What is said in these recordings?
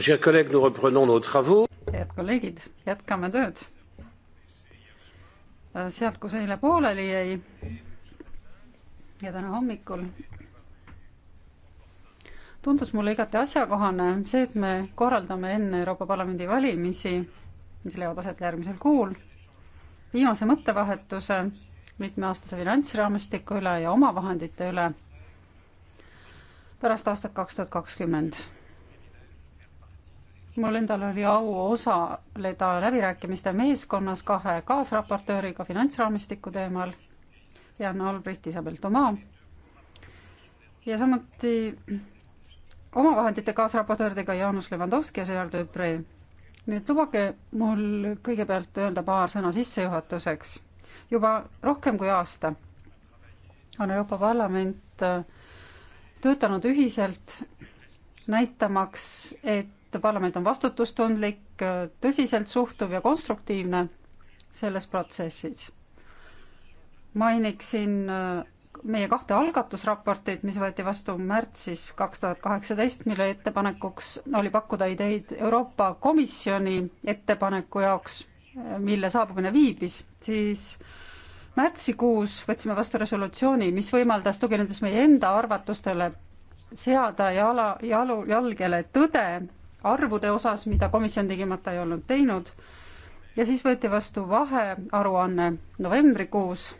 Chers collègues, nous reprenons nos travaux. head kolleegid, jätkame tööd. Äh, sealt, kus eile pooleli jäi ja täna hommikul, tundus mulle igati asjakohane see, et me korraldame enne Euroopa Parlamendi valimisi, mis leiavad aset järgmisel kuul, viimase mõttevahetuse mitmeaastase finantsraamistiku üle ja omavahendite üle pärast aastat kaks tuhat kakskümmend mul endal oli au osaleda läbirääkimiste meeskonnas kahe kaasraportööriga finantsraamistiku teemal, Jan Albrecht, Isabel Toma, ja samuti omavahendite kaasraportööridega Jaanus Levandovski ja Gerard Depree. nii et lubage mul kõigepealt öelda paar sõna sissejuhatuseks. juba rohkem kui aasta on Euroopa Parlament töötanud ühiselt, näitamaks, et et parlament on vastutustundlik, tõsiselt suhtuv ja konstruktiivne selles protsessis. mainiksin äh, meie kahte algatusraportit, mis võeti vastu märtsis kaks tuhat kaheksateist, mille ettepanekuks oli pakkuda ideid Euroopa Komisjoni ettepaneku jaoks, äh, mille saabumine viibis, siis märtsikuus võtsime vastu resolutsiooni, mis võimaldas, tuginedes meie enda arvatustele, seada jala, jalu, jalgele tõde arvude osas, mida komisjon tegemata ei olnud teinud. ja siis võeti vastu vahearuanne novembrikuus,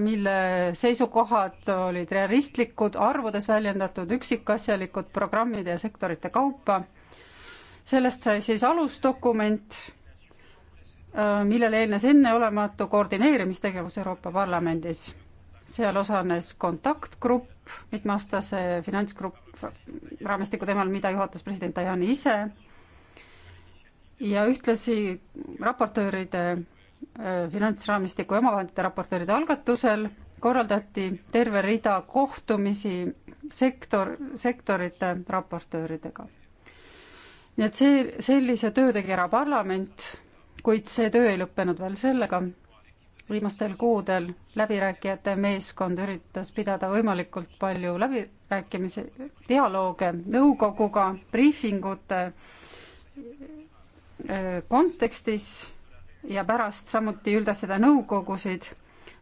mille seisukohad olid realistlikud, arvudes väljendatud, üksikasjalikud programmide ja sektorite kaupa. sellest sai siis alusdokument, millele eelnes enneolematu koordineerimistegevus Euroopa Parlamendis. seal osales kontaktgrupp, grupp, mitmeaastase finantsgrupp raamistiku teemal, mida juhatas president Tajani ise ja ühtlasi raportööride, äh, finantsraamistiku ja omavahendite raportööride algatusel korraldati terve rida kohtumisi sektor, sektorite raportööridega. nii et see, sellise töö tegi ära parlament, kuid see töö ei lõppenud veel sellega viimastel kuudel läbirääkijate meeskond üritas pidada võimalikult palju läbirääkimisi, dialoog nõukoguga, briifingute äh, kontekstis ja pärast samuti üldasjade nõukogusid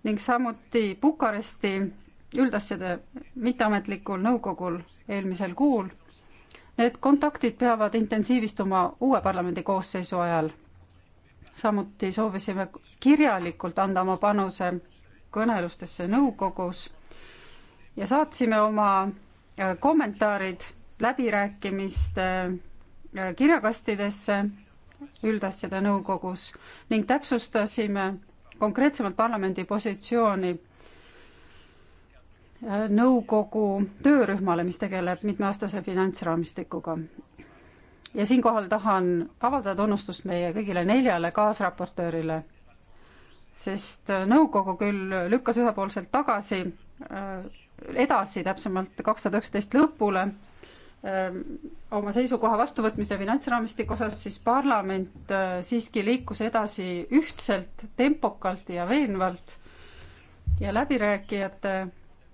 ning samuti Bukaresti üldasjade mitteametlikul nõukogul eelmisel kuul. Need kontaktid peavad intensiivistuma uue parlamendi koosseisu ajal samuti soovisime kirjalikult anda oma panuse kõnelustesse nõukogus ja saatsime oma äh, kommentaarid läbirääkimiste äh, kirjakastidesse üldasjade nõukogus ning täpsustasime konkreetsemalt parlamendi positsiooni äh, nõukogu töörühmale, mis tegeleb mitmeaastase finantsraamistikuga ja siinkohal tahan avaldada tunnustust meie kõigile neljale kaasraportöörile, sest nõukogu küll lükkas ühepoolselt tagasi, äh, edasi täpsemalt kaks tuhat üksteist lõpule äh, oma seisukoha vastuvõtmise finantsraamistiku osas, siis parlament äh, siiski liikus edasi ühtselt, tempokalt ja veenvalt ja läbirääkijate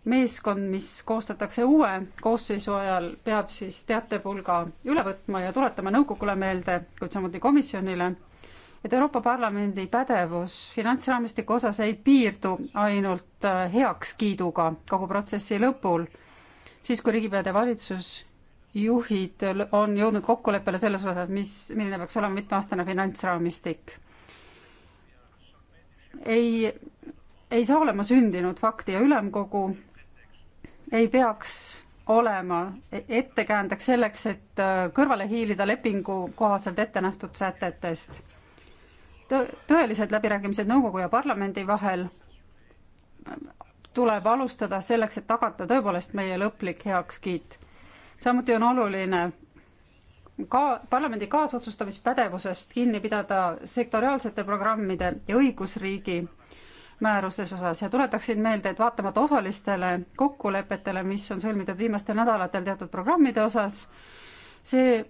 meeskond, mis koostatakse uue koosseisu ajal, peab siis teatepulga üle võtma ja tuletama nõukogule meelde, kuid samuti komisjonile, et Euroopa Parlamendi pädevus finantsraamistiku osas ei piirdu ainult äh, heakskiiduga kogu protsessi lõpul, siis kui riigipead ja valitsusjuhid on jõudnud kokkuleppele selles osas, mis, milline peaks olema mitmeaastane finantsraamistik. ei ei saa olema sündinud fakti ja ülemkogu ei peaks olema e-, ettekäändeks selleks, et äh, kõrvale hiilida lepingu kohaselt ette nähtud sätetest. tõelised läbirääkimised nõukogu ja parlamendi vahel äh, tuleb alustada selleks, et tagada tõepoolest meie lõplik heakskiit. samuti on oluline ka parlamendi kaasotsustamispädevusest kinni pidada sektoriaalsete programmide ja õigusriigi määruses osas ja tuletaksin meelde, et vaatamata osalistele kokkulepetele, mis on sõlmitud viimastel nädalatel teatud programmide osas, see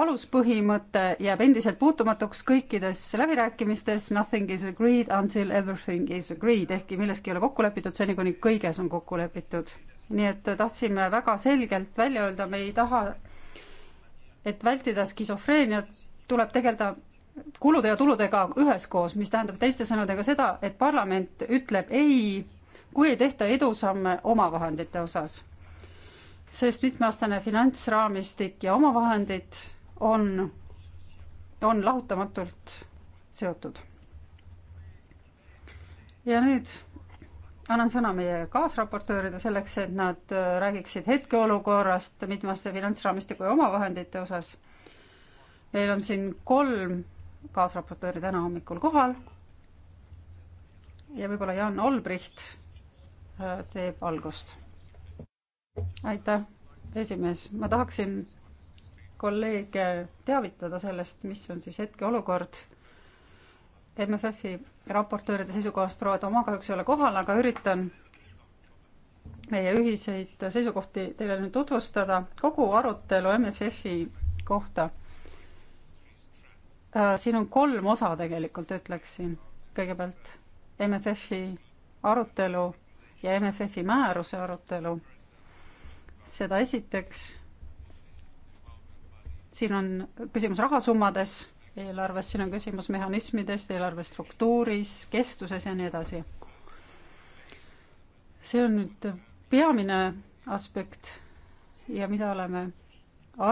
aluspõhimõte jääb endiselt puutumatuks kõikides läbirääkimistes, nothing is agreed until everything is agreed, ehkki milleski ei ole kokku lepitud, seni kuni kõiges on kokku lepitud. nii et tahtsime väga selgelt välja öelda, me ei taha, et vältida skisofreeniat, tuleb tegeleda kulude ja tuludega üheskoos, mis tähendab teiste sõnadega seda, et parlament ütleb ei, kui ei tehta edusamme omavahendite osas. sest mitmeaastane finantsraamistik ja omavahendid on, on lahutamatult seotud. ja nüüd annan sõna meie kaasraportööride selleks, et nad äh, räägiksid hetkeolukorrast mitmeaastase finantsraamistiku ja omavahendite osas. meil on siin kolm kaasraportööri täna hommikul kohal. ja võib-olla Jan Olbricht äh, teeb algust. aitäh, esimees, ma tahaksin kolleege teavitada sellest, mis on siis hetkeolukord. MFF-i raportööride seisukohast proua Toma kahjuks ei ole kohal, aga üritan meie ühiseid seisukohti teile nüüd tutvustada. kogu arutelu MFF-i kohta Äh, siin on kolm osa tegelikult, ütleksin. kõigepealt MFF-i arutelu ja MFF-i määruse arutelu. seda esiteks. siin on küsimus rahasummades eelarves, siin on küsimus mehhanismidest, eelarve struktuuris, kestuses ja nii edasi. see on nüüd peamine aspekt ja mida oleme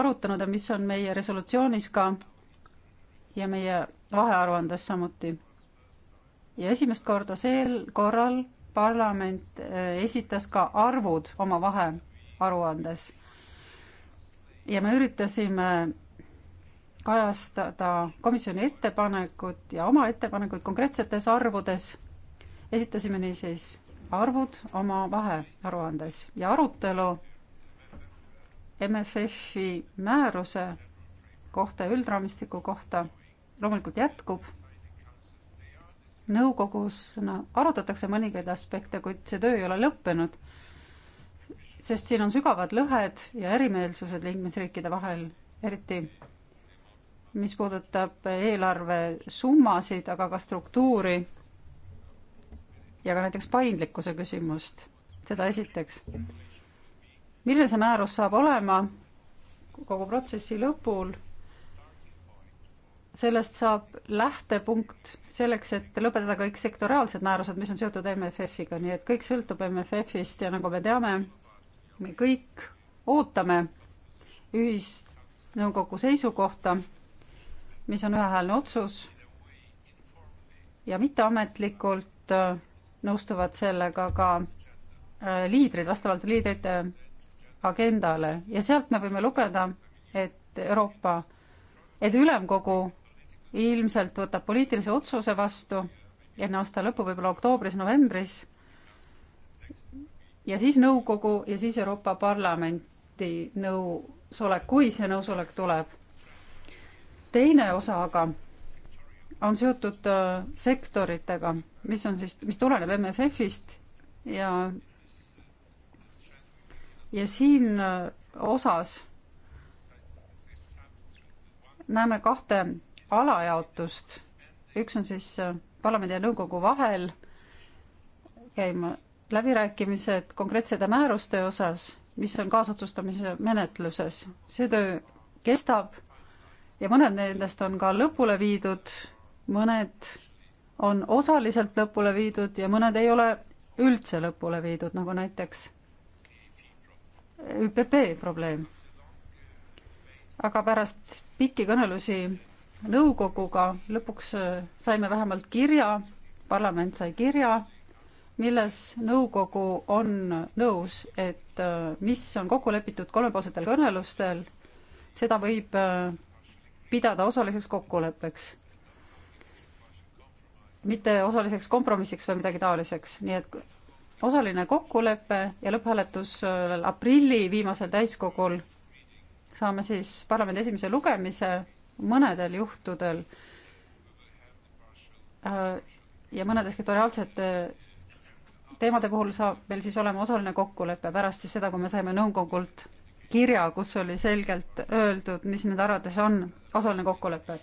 arutanud ja mis on meie resolutsioonis ka ja meie vahearuandes samuti. ja esimest korda sel korral parlament eh, esitas ka arvud oma vahearuandes. ja me üritasime kajastada komisjoni ettepanekut ja oma ettepanekuid konkreetsetes arvudes. esitasime niisiis arvud oma vahearuandes ja arutelu MFF-i määruse kohta ja üldraamistiku kohta loomulikult jätkub. nõukogus no, arutatakse mõningaid aspekte, kuid see töö ei ole lõppenud, sest siin on sügavad lõhed ja erimeelsused liikmesriikide vahel, eriti mis puudutab eelarve summasid, aga ka struktuuri ja ka näiteks paindlikkuse küsimust, seda esiteks. milline see määrus saab olema kogu protsessi lõpul sellest saab lähtepunkt selleks, et lõpetada kõik sektoriaalsed määrused, mis on seotud MFF-iga, nii et kõik sõltub MFF-ist ja nagu me teame, me kõik ootame ühisnõukogu seisukohta, mis on ühehäälne otsus ja mitteametlikult äh, nõustuvad sellega ka äh, liidrid, vastavalt liidrite agendale ja sealt me võime lugeda, et Euroopa, et ülemkogu ilmselt võtab poliitilise otsuse vastu enne aasta lõppu, võib-olla oktoobris-novembris, ja siis nõukogu ja siis Euroopa Parlamenti nõusolek, kui see nõusolek tuleb. teine osa aga on seotud äh, sektoritega, mis on siis, mis tuleneb MFF-ist ja ja siin äh, osas näeme kahte alajaotust, üks on siis äh, parlamendi ja nõukogu vahel käima läbirääkimised konkreetsete määruste osas, mis on kaasotsustamise menetluses. see töö kestab ja mõned nendest on ka lõpule viidud, mõned on osaliselt lõpule viidud ja mõned ei ole üldse lõpule viidud, nagu näiteks ÜPP probleem. aga pärast pikki kõnelusi nõukoguga, lõpuks äh, saime vähemalt kirja, parlament sai kirja, milles nõukogu on nõus, et äh, mis on kokku lepitud kolmepoolsetel kõnelustel, seda võib äh, pidada osaliseks kokkuleppeks. mitte osaliseks kompromissiks või midagi taoliseks, nii et osaline kokkulepe ja lõpphääletus aprilli viimasel täiskogul saame siis parlamendi esimese lugemise mõnedel juhtudel äh, ja mõnede sektoriaalsete teemade puhul saab meil siis olema osaline kokkulepe pärast siis seda, kui me saime nõukogult kirja, kus oli selgelt öeldud, mis nende arvates on osaline kokkulepe.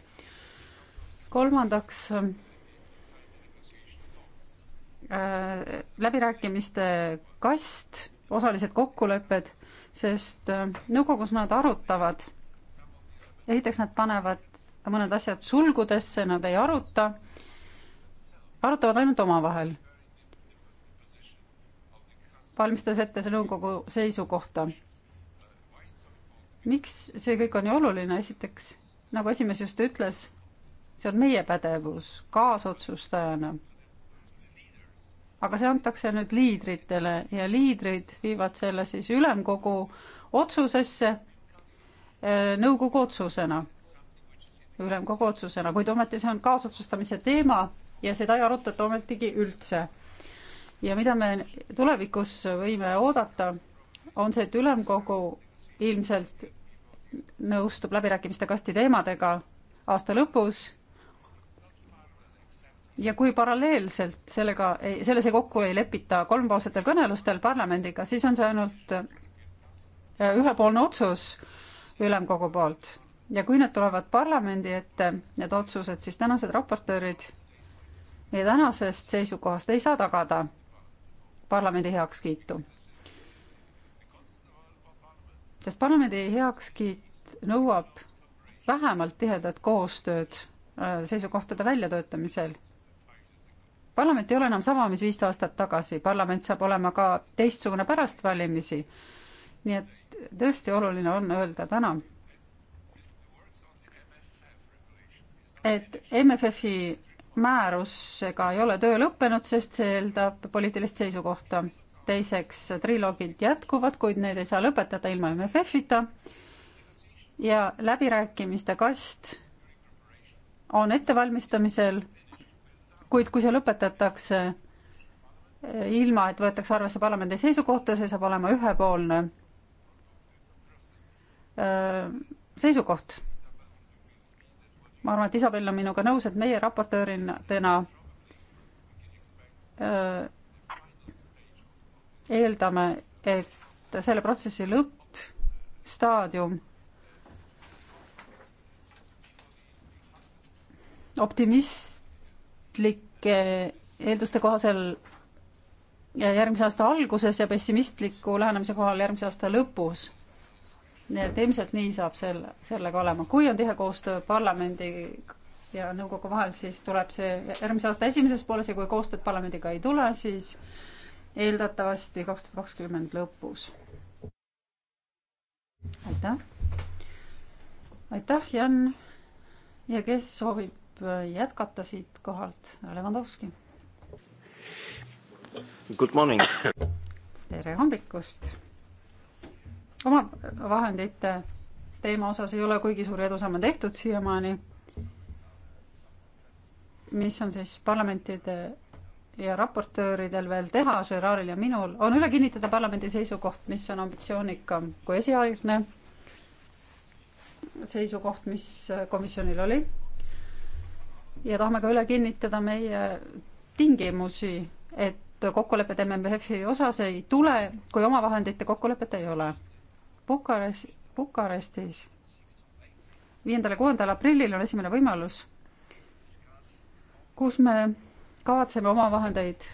kolmandaks äh, läbirääkimiste kast, osalised kokkulepped, sest äh, nõukogus nad arutavad esiteks nad panevad mõned asjad sulgudesse, nad ei aruta, arutavad ainult omavahel, valmistades ette see nõukogu seisukohta. miks see kõik on nii oluline, esiteks, nagu esimees just ütles, see on meie pädevus kaasotsustajana. aga see antakse nüüd liidritele ja liidrid viivad selle siis ülemkogu otsusesse Äh, nõukogu otsusena, ülemkogu otsusena, kuid ometi see on kaasotsustamise teema ja seda ei arutata ometigi üldse. ja mida me tulevikus võime oodata, on see, et ülemkogu ilmselt nõustub läbirääkimiste kasti teemadega aasta lõpus ja kui paralleelselt sellega, selles ei kokku ei lepita kolmpoolsetel kõnelustel parlamendiga, siis on see ainult äh, ühepoolne otsus ülemkogu poolt. ja kui need tulevad parlamendi ette, need otsused, siis tänased raportöörid meie tänasest seisukohast ei saa tagada parlamendi heakskiitu. sest parlamendi heakskiit nõuab vähemalt tihedat koostööd äh, seisukohtade väljatöötamisel. parlament ei ole enam sama, mis viis aastat tagasi, parlament saab olema ka teistsugune pärast valimisi. nii et tõesti oluline on öelda täna, et MFF-i määrusega ei ole töö lõppenud, sest see eeldab poliitilist seisukohta. teiseks, triloogid jätkuvad, kuid need ei saa lõpetada ilma MFF-ita ja läbirääkimiste kast on ettevalmistamisel, kuid kui see lõpetatakse ilma, et võetakse arvesse parlamendi seisukohta, see saab olema ühepoolne seisukoht. ma arvan, et Isabel on minuga nõus, et meie raportöörina eeldame, et selle protsessi lõppstaadium optimistlike eelduste kohasel järgmise aasta alguses ja pessimistliku lähenemise kohal järgmise aasta lõpus nii et ilmselt nii saab selle, sellega olema. kui on tihe koostöö parlamendi ja nõukogu vahel, siis tuleb see järgmise aasta esimeses pooles ja kui koostööd parlamendiga ei tule, siis eeldatavasti kaks tuhat kakskümmend lõpus. aitäh. aitäh, Jan. ja kes soovib jätkata siit kohalt? Levandovski. Good morning. tere hommikust oma vahendite teema osas ei ole kuigi suuri edusamme tehtud siiamaani, mis on siis parlamentide ja raportööridel veel teha, Gerardil ja minul, on üle kinnitada parlamendi seisukoht, mis on ambitsioonikam kui esialgne seisukoht, mis komisjonil oli. ja tahame ka üle kinnitada meie tingimusi, et kokkulepet MMF-i osas ei tule, kui omavahendite kokkulepet ei ole Bukares-, Bukarestis viiendal ja kuuendal aprillil on esimene võimalus, kus me kavatseme omavahendeid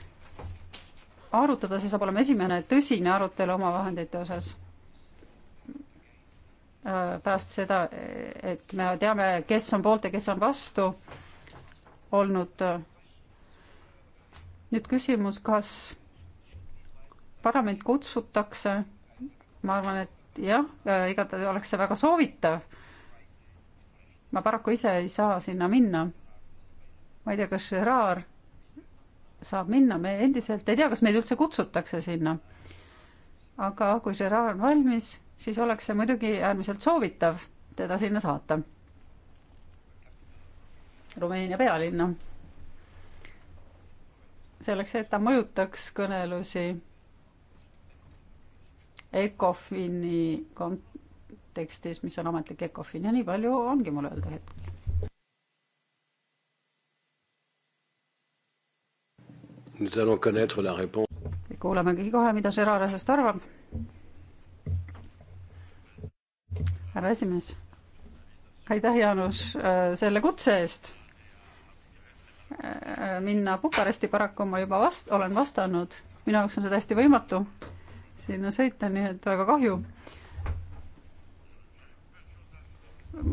arutada, see saab olema esimene tõsine arutelu omavahendite osas. Äh, pärast seda, et me teame, kes on poolt ja kes on vastu olnud. Äh, nüüd küsimus, kas parlament kutsutakse, ma arvan, et jah, igatahes oleks see väga soovitav. ma paraku ise ei saa sinna minna. ma ei tea, kas Gerard saab minna, me endiselt ei tea, kas meid üldse kutsutakse sinna. aga kui Gerard on valmis, siis oleks see muidugi äärmiselt soovitav teda sinna saata. Rumeenia pealinna. selleks, et ta mõjutaks kõnelusi ECOFIN-i kontekstis, mis on ametlik ECOFIN ja nii palju ongi mul öelda hetkel. kuulamegi kohe, mida Gerard asjast arvab. härra esimees, aitäh, Jaanus, äh, selle kutse eest. Äh, äh, minna Bukaresti paraku ma juba vast-, olen vastanud, minu jaoks on see täiesti võimatu sinna sõita, nii et väga kahju.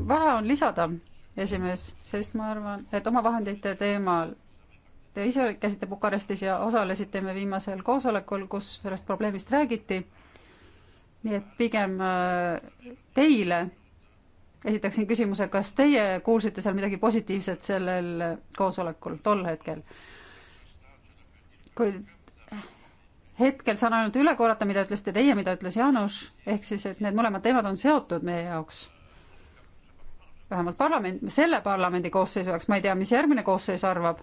vähe on lisada, esimees, sest ma arvan, et omavahendite teemal Te ise käisite Bukarestis ja osalesite me viimasel koosolekul, kus sellest probleemist räägiti. nii et pigem äh, teile esitaksin küsimuse, kas teie kuulsite seal midagi positiivset sellel koosolekul tol hetkel? kui hetkel saan ainult üle korrata, mida ütlesite teie, mida ütles Jaanus, ehk siis, et need mõlemad teemad on seotud meie jaoks. vähemalt parlament, selle parlamendi koosseisu jaoks, ma ei tea, mis järgmine koosseis arvab.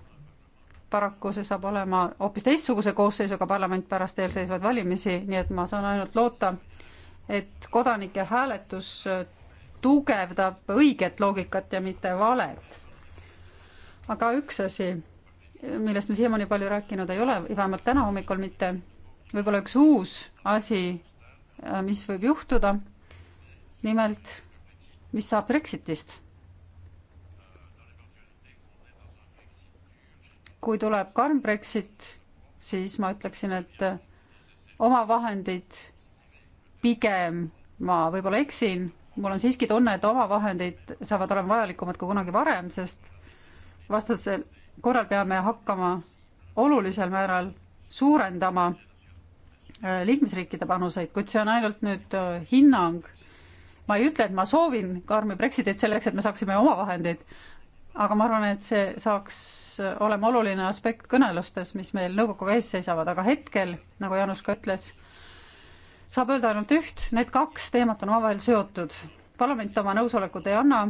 paraku see saab olema hoopis teistsuguse koosseisuga parlament pärast eelseisvaid valimisi, nii et ma saan ainult loota, et kodanike hääletus tugevdab õiget loogikat ja mitte valet. aga üks asi, millest me siiamaani palju rääkinud ei ole, vähemalt täna hommikul mitte võib-olla üks uus asi, äh, mis võib juhtuda. nimelt, mis saab Brexitist? kui tuleb karm Brexit, siis ma ütleksin, et äh, omavahendid pigem ma võib-olla eksin, mul on siiski tunne, et omavahendid saavad olema vajalikumad kui kunagi varem, sest vastasel korral peame hakkama olulisel määral suurendama Äh, liikmesriikide panuseid, kuid see on ainult nüüd äh, hinnang. ma ei ütle, et ma soovin karmi Brexitit selleks, et me saaksime oma vahendeid, aga ma arvan, et see saaks äh, olema oluline aspekt kõnelustes, mis meil nõukoguga ees seisavad, aga hetkel, nagu Jaanus ka ütles, saab öelda ainult üht, need kaks teemat on omavahel seotud. parlament oma nõusolekut ei anna,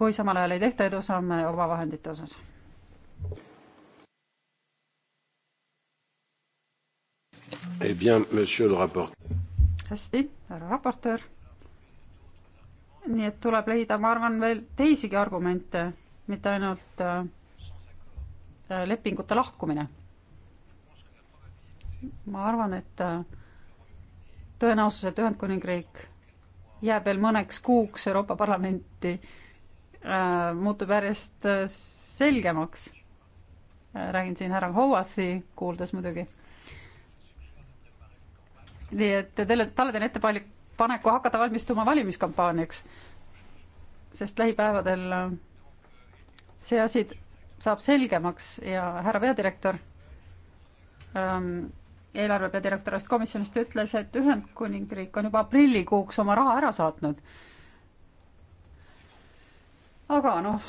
kui samal ajal ei tehta edusamme omavahendite osas Eh bien, monsieur le rapporteur. hästi, härra raportöör. nii et tuleb leida, ma arvan, veel teisigi argumente, mitte ainult äh, lepingute lahkumine. ma arvan, et äh, tõenäosus, et Ühendkuningriik jääb veel mõneks kuuks Euroopa Parlamenti äh,, muutub järjest äh, selgemaks. Äh, räägin siin härra Howarthi, kuuldes muidugi nii et teile, talle teen ettepaneku hakata valmistuma valimiskampaaniaks, sest lähipäevadel äh, see asi saab selgemaks ja härra peadirektor ähm,, eelarve peadirektor vast komisjonist ütles, et Ühendkuningriik on juba aprillikuuks oma raha ära saatnud. aga noh,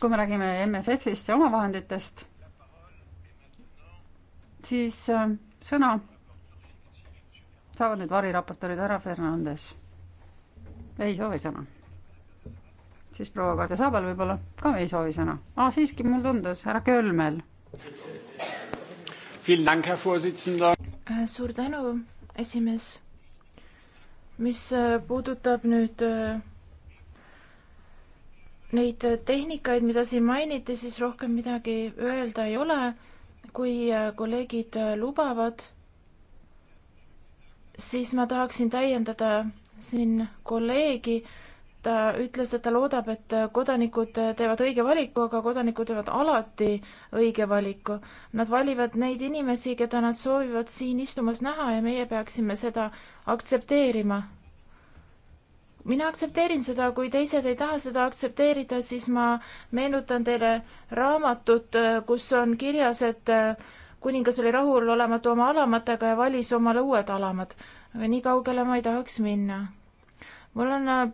kui me räägime MFF-ist ja omavahenditest, siis äh, sõna saavad nüüd variraportorid ära, Fernandes. ei soovi sõna. siis proua Kadri Saabel võib-olla ka ei soovi sõna. aa, ah, siiski mulle tundus, härra Kölmel. Äh, suur tänu, esimees. mis äh, puudutab nüüd äh, neid tehnikaid, mida siin mainiti, siis rohkem midagi öelda ei ole kui äh, kolleegid äh, lubavad, siis ma tahaksin täiendada siin kolleegi. ta ütles, et ta loodab, et äh, kodanikud teevad õige valiku, aga kodanikud teevad alati õige valiku. Nad valivad neid inimesi, keda nad soovivad siin istumas näha ja meie peaksime seda aktsepteerima mina aktsepteerin seda, kui teised ei taha seda aktsepteerida, siis ma meenutan teile raamatut, äh, kus on kirjas, et äh, kuningas oli rahulolematu oma alamatega ja valis omale uued alamad. aga nii kaugele ma ei tahaks minna. mul on äh,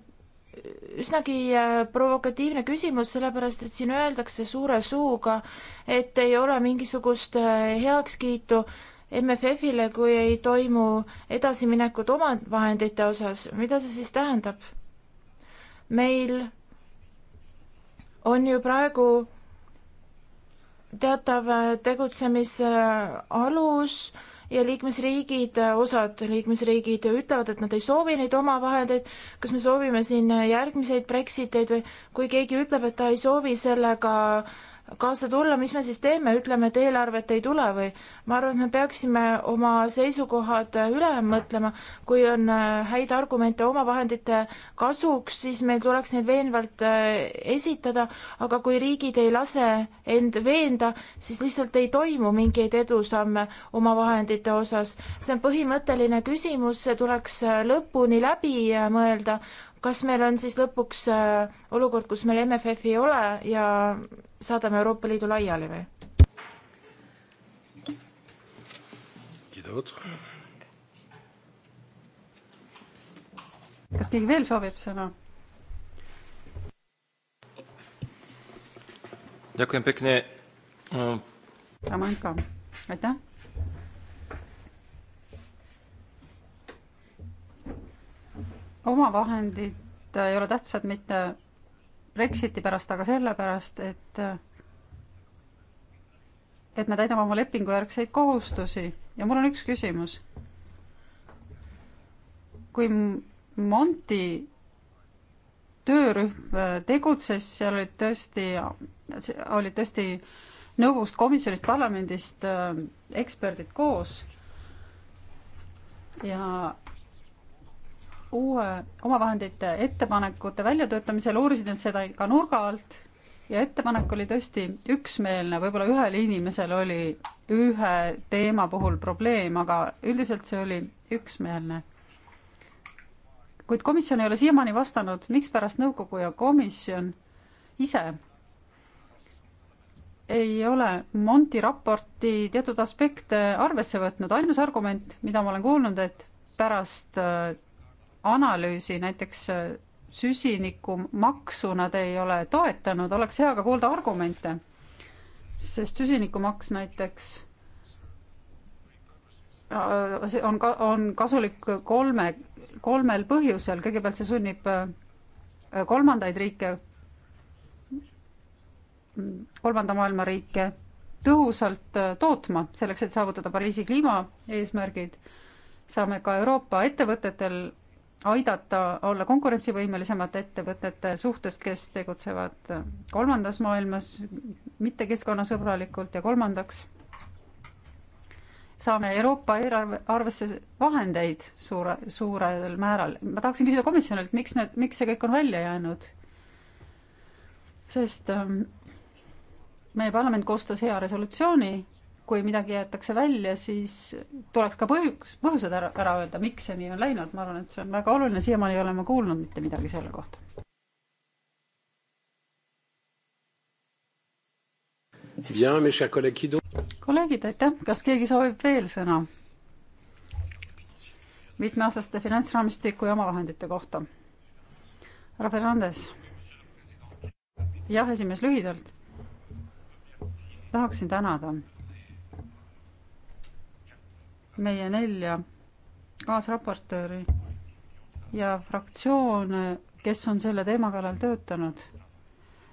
üsnagi provokatiivne küsimus, sellepärast et siin öeldakse suure suuga, et ei ole mingisugust heakskiitu MFF-ile, kui ei toimu edasiminekut omavahendite osas, mida see siis tähendab? meil on ju praegu teatav tegutsemisalus ja liikmesriigid, osad liikmesriigid ütlevad, et nad ei soovi neid omavahendeid, kas me soovime siin järgmiseid Brexiteid või kui keegi ütleb, et ta ei soovi sellega äh, kaasa tulla, mis me siis teeme, ütleme, et eelarvet ei tule või? ma arvan, et me peaksime oma seisukohad üle mõtlema, kui on äh, häid argumente omavahendite kasuks, siis meil tuleks neid veenvalt äh, esitada, aga kui riigid ei lase end veenda, siis lihtsalt ei toimu mingeid edusamme omavahendite osas. see on põhimõtteline küsimus, see tuleks äh, lõpuni läbi mõelda, kas meil on siis lõpuks äh, olukord, kus meil MFF-i ei ole ja saadame Euroopa Liidu laiali või? kas keegi veel soovib sõna? aitäh. omavahendid ei ole tähtsad mitte Brexiti pärast, aga sellepärast, et et me täidame oma lepingujärgseid kohustusi ja mul on üks küsimus. kui Monti töörühm tegutses, seal olid tõesti, olid tõesti nõukogust, komisjonist, parlamendist eksperdid koos ja uue omavahendite ettepanekute väljatöötamisel uurisid nad seda ka nurga alt ja ettepanek oli tõesti üksmeelne, võib-olla ühel inimesel oli ühe teema puhul probleem, aga üldiselt see oli üksmeelne. kuid komisjon ei ole siiamaani vastanud, mikspärast nõukogu ja komisjon ise ei ole Monti raporti teatud aspekte arvesse võtnud, ainus argument, mida ma olen kuulnud, et pärast äh, analüüsi näiteks äh, süsinikumaksu nad ei ole toetanud, oleks hea ka kuulda argumente. sest süsinikumaks näiteks äh, on ka, on kasulik kolme, kolmel põhjusel, kõigepealt see sunnib äh, kolmandaid riike, kolmanda maailma riike tõhusalt tootma, selleks et saavutada Pariisi kliimaeesmärgid, saame ka Euroopa ettevõtetel aidata olla konkurentsivõimelisemad ettevõtete suhtes, kes tegutsevad kolmandas maailmas mitte keskkonnasõbralikult ja kolmandaks saame Euroopa eelarve, arvesse vahendeid suure, suurel määral. ma tahaksin küsida komisjonilt, miks need, miks see kõik on välja jäänud? sest ähm, meie parlament koostas hea resolutsiooni kui midagi jäetakse välja, siis tuleks ka põhjus, põhjused ära, ära öelda, miks see nii on läinud, ma arvan, et see on väga oluline, siiamaani ei ole ma kuulnud mitte midagi selle kohta. kolleegid, aitäh, kas keegi soovib veel sõna? mitmeaastaste finantsraamistiku ja omavahendite kohta. härra Fernandes. jah, esimees, lühidalt. tahaksin tänada meie nelja kaasraportööri ja fraktsioone, kes on selle teema kallal töötanud.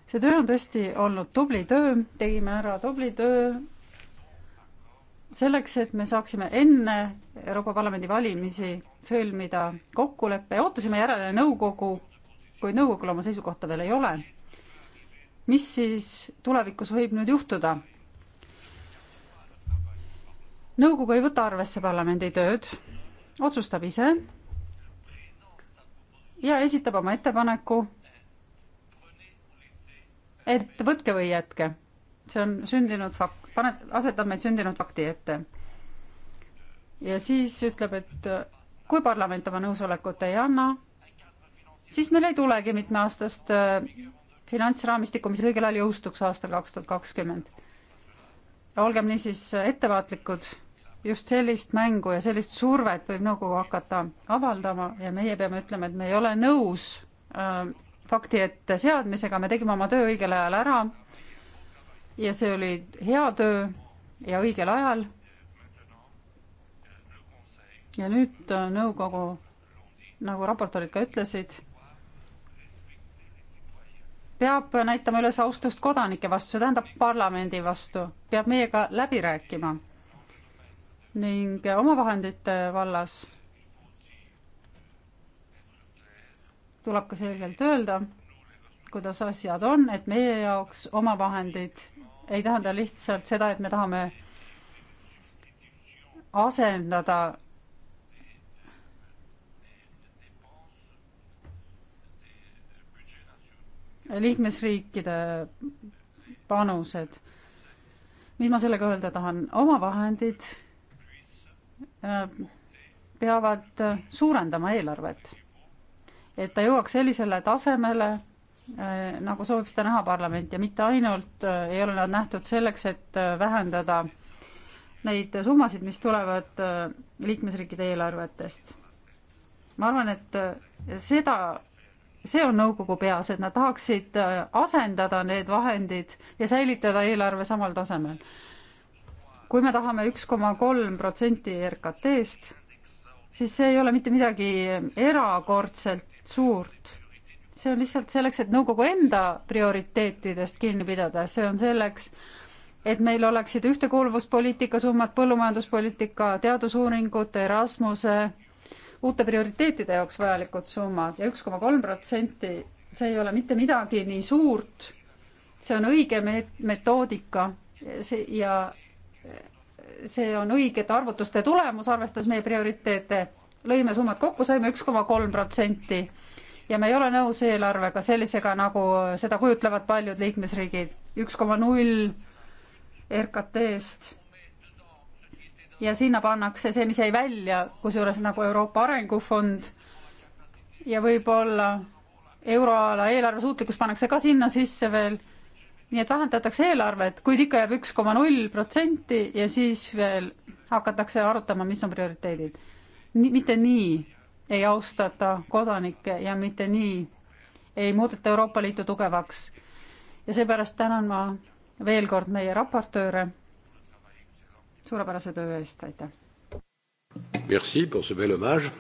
see töö on tõesti olnud tubli töö, tegime ära tubli töö selleks, et me saaksime enne Euroopa Parlamendi valimisi sõlmida kokkuleppe, ootasime järele nõukogu, kuid nõukogul oma seisukohta veel ei ole. mis siis tulevikus võib nüüd juhtuda? nõukogu ei võta arvesse parlamendi tööd, otsustab ise ja esitab oma ettepaneku, et võtke või jätke. see on sündinud fakt, pane, asetab meid sündinud fakti ette. ja siis ütleb, et kui parlament oma nõusolekut ei anna, siis meil ei tulegi mitmeaastast äh, finantsraamistikku, mis õigel ajal jõustuks aastal kaks tuhat kakskümmend. olgem niisiis ettevaatlikud just sellist mängu ja sellist survet võib nõukogu hakata avaldama ja meie peame ütlema, et me ei ole nõus äh, fakti ette seadmisega, me tegime oma töö õigel ajal ära ja see oli hea töö ja õigel ajal. ja nüüd äh, nõukogu, nagu raportorid ka ütlesid, peab näitama üles austust kodanike vastu, see tähendab parlamendi vastu, peab meiega läbi rääkima ning omavahendite vallas tuleb ka selgelt öelda, kuidas asjad on, et meie jaoks omavahendid ei tähenda lihtsalt seda, et me tahame asendada liikmesriikide panused. mis ma sellega öelda tahan, omavahendid Äh, peavad äh, suurendama eelarvet, et ta jõuaks sellisele tasemele, äh, nagu soovib seda näha parlament ja mitte ainult ei ole nad nähtud selleks, et vähendada neid summasid, mis tulevad liikmesriikide eelarvetest. ma arvan, et seda, see on nõukogu peas, et nad tahaksid asendada need vahendid ja säilitada eelarve samal tasemel kui me tahame üks koma kolm protsenti RKT-st, siis see ei ole mitte midagi erakordselt suurt. see on lihtsalt selleks, et nõukogu enda prioriteetidest kinni pidada, see on selleks, et meil oleksid ühtekuuluvuspoliitika summad, põllumajanduspoliitika, teadusuuringud, Erasmuse, uute prioriteetide jaoks vajalikud summad ja üks koma kolm protsenti, see ei ole mitte midagi nii suurt, see on õige meet-, metoodika see ja see on õigete arvutuste tulemus, arvestades meie prioriteete. lõime summad kokku, saime üks koma kolm protsenti ja me ei ole nõus eelarvega sellisega, nagu seda kujutlevad paljud liikmesriigid. üks koma null RKT-st ja sinna pannakse see, mis jäi välja, kusjuures nagu Euroopa Arengufond ja võib-olla euroala eelarve suutlikkus pannakse ka sinna sisse veel nii et vähendatakse eelarvet, kuid ikka jääb üks koma null protsenti ja siis veel hakatakse arutama, mis on prioriteedid. mitte nii ei austata kodanikke ja mitte nii ei muudeta Euroopa Liitu tugevaks. ja seepärast tänan ma veel kord meie raportööre suurepärase töö eest, aitäh! Merci pour ce bel hommage!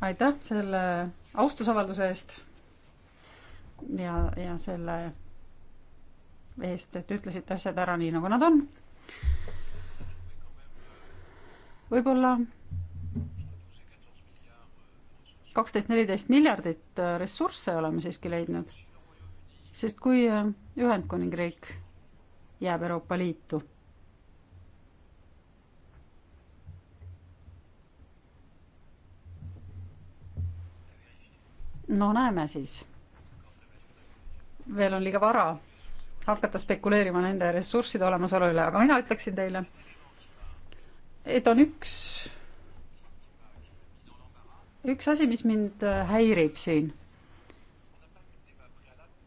aitäh selle austusavalduse eest ja, ja selle eest, et ütlesite asjad ära nii, nagu nad on. võib-olla kaksteist, neliteist miljardit äh, ressursse oleme siiski leidnud. sest kui äh, Ühendkuningriik jääb Euroopa Liitu no näeme siis. veel on liiga vara hakata spekuleerima nende ressursside olemasolu üle, aga mina ütleksin teile, et on üks, üks asi, mis mind äh, häirib siin.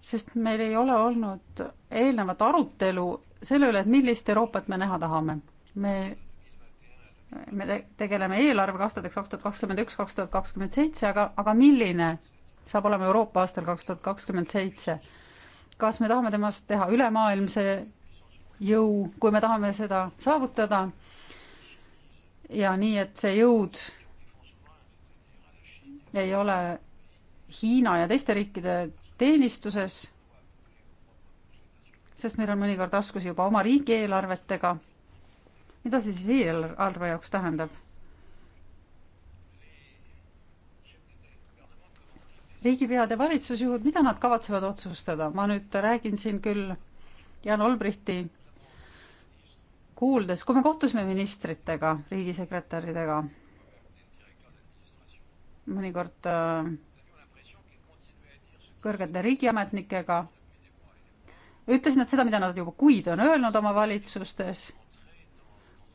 sest meil ei ole olnud eelnevat arutelu selle üle, et millist Euroopat me näha tahame. me, me tegeleme eelarvega aastateks kaks tuhat kakskümmend üks, kaks tuhat kakskümmend seitse, aga, aga milline saab olema Euroopa aastal kaks tuhat kakskümmend seitse? kas me tahame temast teha ülemaailmse jõu, kui me tahame seda saavutada ja nii, et see jõud ei ole Hiina ja teiste riikide teenistuses, sest meil on mõnikord raskusi juba oma riigieelarvetega. mida see siis eelarve jaoks tähendab? riigipead ja valitsusjuhud, mida nad kavatsevad otsustada, ma nüüd räägin siin küll Jan Olbrichti kuuldes, kui me kohtusime ministritega, riigisekretäridega, mõnikord äh, kõrgete riigiametnikega, ütlesid nad seda, mida nad juba kuid on öelnud oma valitsustes,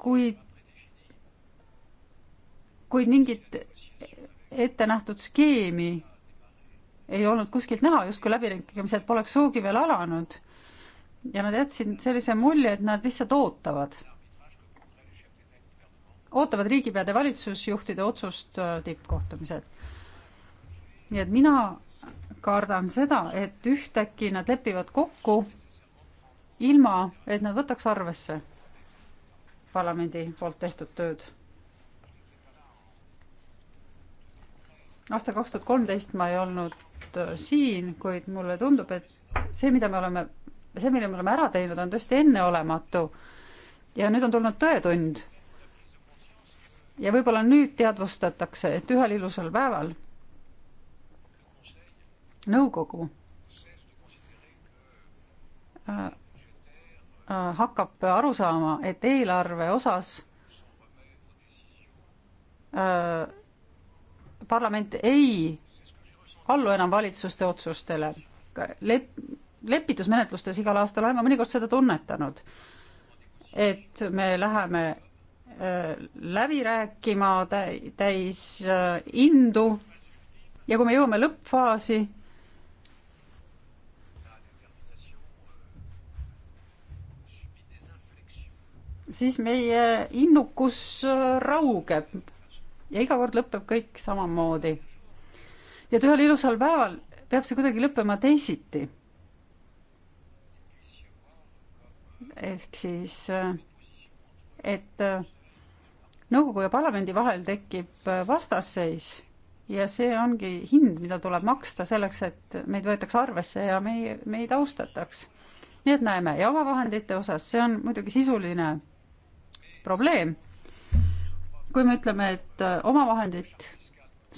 kuid, kuid mingit ettenähtud skeemi ei olnud kuskilt näha, justkui läbirääkimised poleks sugugi veel alanud. ja nad jätsid sellise mulje, et nad lihtsalt ootavad. ootavad riigipeade valitsusjuhtide otsust äh, tippkohtumisel. nii et mina kardan seda, et ühtäkki nad lepivad kokku ilma, et nad võtaks arvesse parlamendi poolt tehtud tööd aastal kaks tuhat kolmteist ma ei olnud äh, siin, kuid mulle tundub, et see, mida me oleme, see, mille me oleme ära teinud, on tõesti enneolematu. ja nüüd on tulnud tõetund. ja võib-olla nüüd teadvustatakse, et ühel ilusal päeval nõukogu äh, äh, hakkab aru saama, et eelarve osas parlament ei allu enam valitsuste otsustele. Lep-, lepitusmenetlustes igal aastal oleme mõnikord seda tunnetanud, et me läheme äh, läbi rääkima täis äh, indu ja kui me jõuame lõppfaasi, siis meie innukus äh, raugeb ja iga kord lõpeb kõik samamoodi. nii et ühel ilusal päeval peab see kuidagi lõppema teisiti. ehk siis, äh, et äh, nõukogu ja parlamendi vahel tekib äh, vastasseis ja see ongi hind, mida tuleb maksta selleks, et meid võetakse arvesse ja meie, meid austataks. nii et näeme ja omavahendite osas, see on muidugi sisuline probleem kui me ütleme, et äh, omavahendid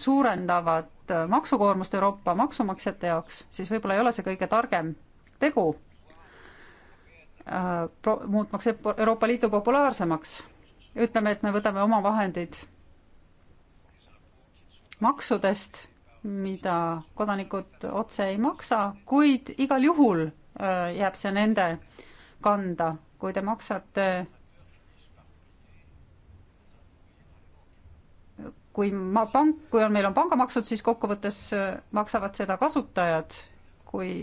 suurendavad äh, maksukoormust Euroopa maksumaksjate jaoks, siis võib-olla ei ole see kõige targem tegu äh, pro-, muutmaks Euroopa Liitu populaarsemaks. ütleme, et me võtame omavahendid maksudest, mida kodanikud otse ei maksa, kuid igal juhul jääb see nende kanda, kui te maksate kui ma pank, kui on, meil on pangamaksud, siis kokkuvõttes äh, maksavad seda kasutajad, kui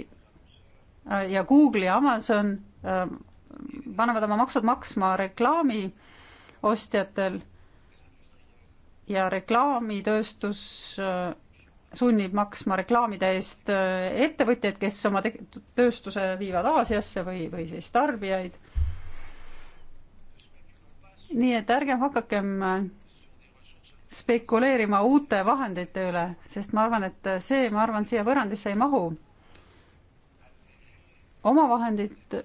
äh, ja Google ja Amazon ähm, panevad oma maksud maksma reklaami ostjatel ja reklaamitööstus äh, sunnib maksma reklaamide eest ettevõtjaid, kes oma tööstuse viivad Aasiasse või, või siis tarbijaid. nii et ärgem hakakem spekuleerima uute vahendite üle, sest ma arvan, et see, ma arvan, siia võrrandisse ei mahu. omavahendid äh,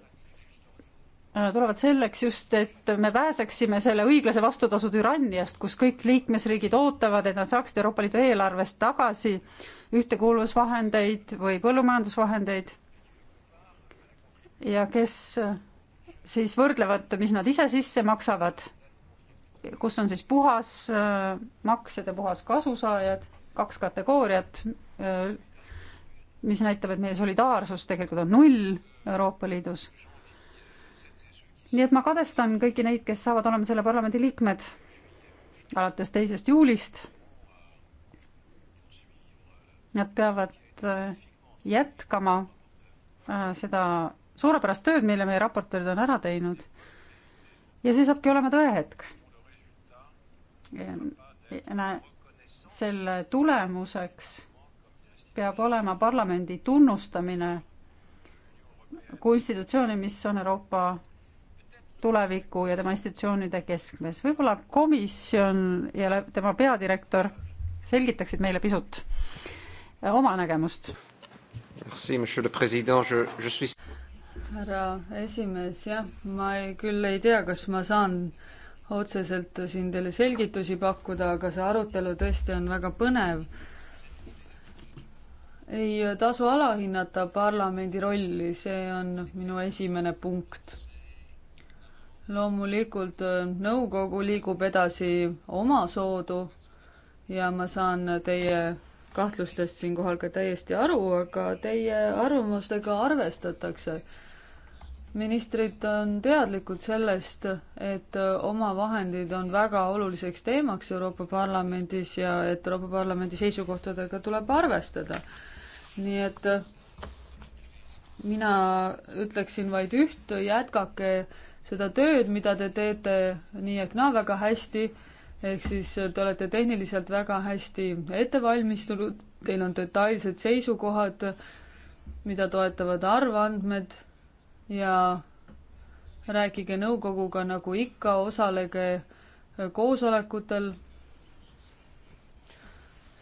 tulevad selleks just, et me pääseksime selle õiglase vastutasu türanniast, kus kõik liikmesriigid ootavad, et nad saaksid Euroopa Liidu eelarvest tagasi ühtekuuluvusvahendeid või põllumajandusvahendeid. ja kes äh, siis võrdlevad, mis nad ise sisse maksavad kus on siis puhas äh, maksjad ja puhas kasusaajad, kaks kategooriat, äh, mis näitab, et meie solidaarsus tegelikult on null Euroopa Liidus. nii et ma kadestan kõiki neid, kes saavad olema selle parlamendi liikmed alates teisest juulist. Nad peavad äh, jätkama seda suurepärast tööd, mille meie raportöörid on ära teinud. ja see saabki olema tõehetk selle tulemuseks peab olema parlamendi tunnustamine kui institutsiooni, mis on Euroopa tuleviku ja tema institutsioonide keskmes. võib-olla komisjon ja tema peadirektor selgitaksid meile pisut oma nägemust. härra esimees, jah, ma ei, küll ei tea, kas ma saan otseselt siin teile selgitusi pakkuda, aga see arutelu tõesti on väga põnev. ei tasu alahinnata parlamendi rolli, see on minu esimene punkt. loomulikult äh, nõukogu liigub edasi omasoodu ja ma saan teie kahtlustest siinkohal ka täiesti aru, aga teie arvamustega arvestatakse ministrid on teadlikud sellest, et äh, omavahendid on väga oluliseks teemaks Euroopa Parlamendis ja et Euroopa Parlamendi seisukohtadega tuleb arvestada. nii et äh, mina ütleksin vaid üht, jätkake seda tööd, mida te teete nii ehk naa väga hästi, ehk siis äh, te olete tehniliselt väga hästi ette valmistunud, teil on detailsed seisukohad, mida toetavad arvandmed ja rääkige nõukoguga nagu ikka, osalege koosolekutel,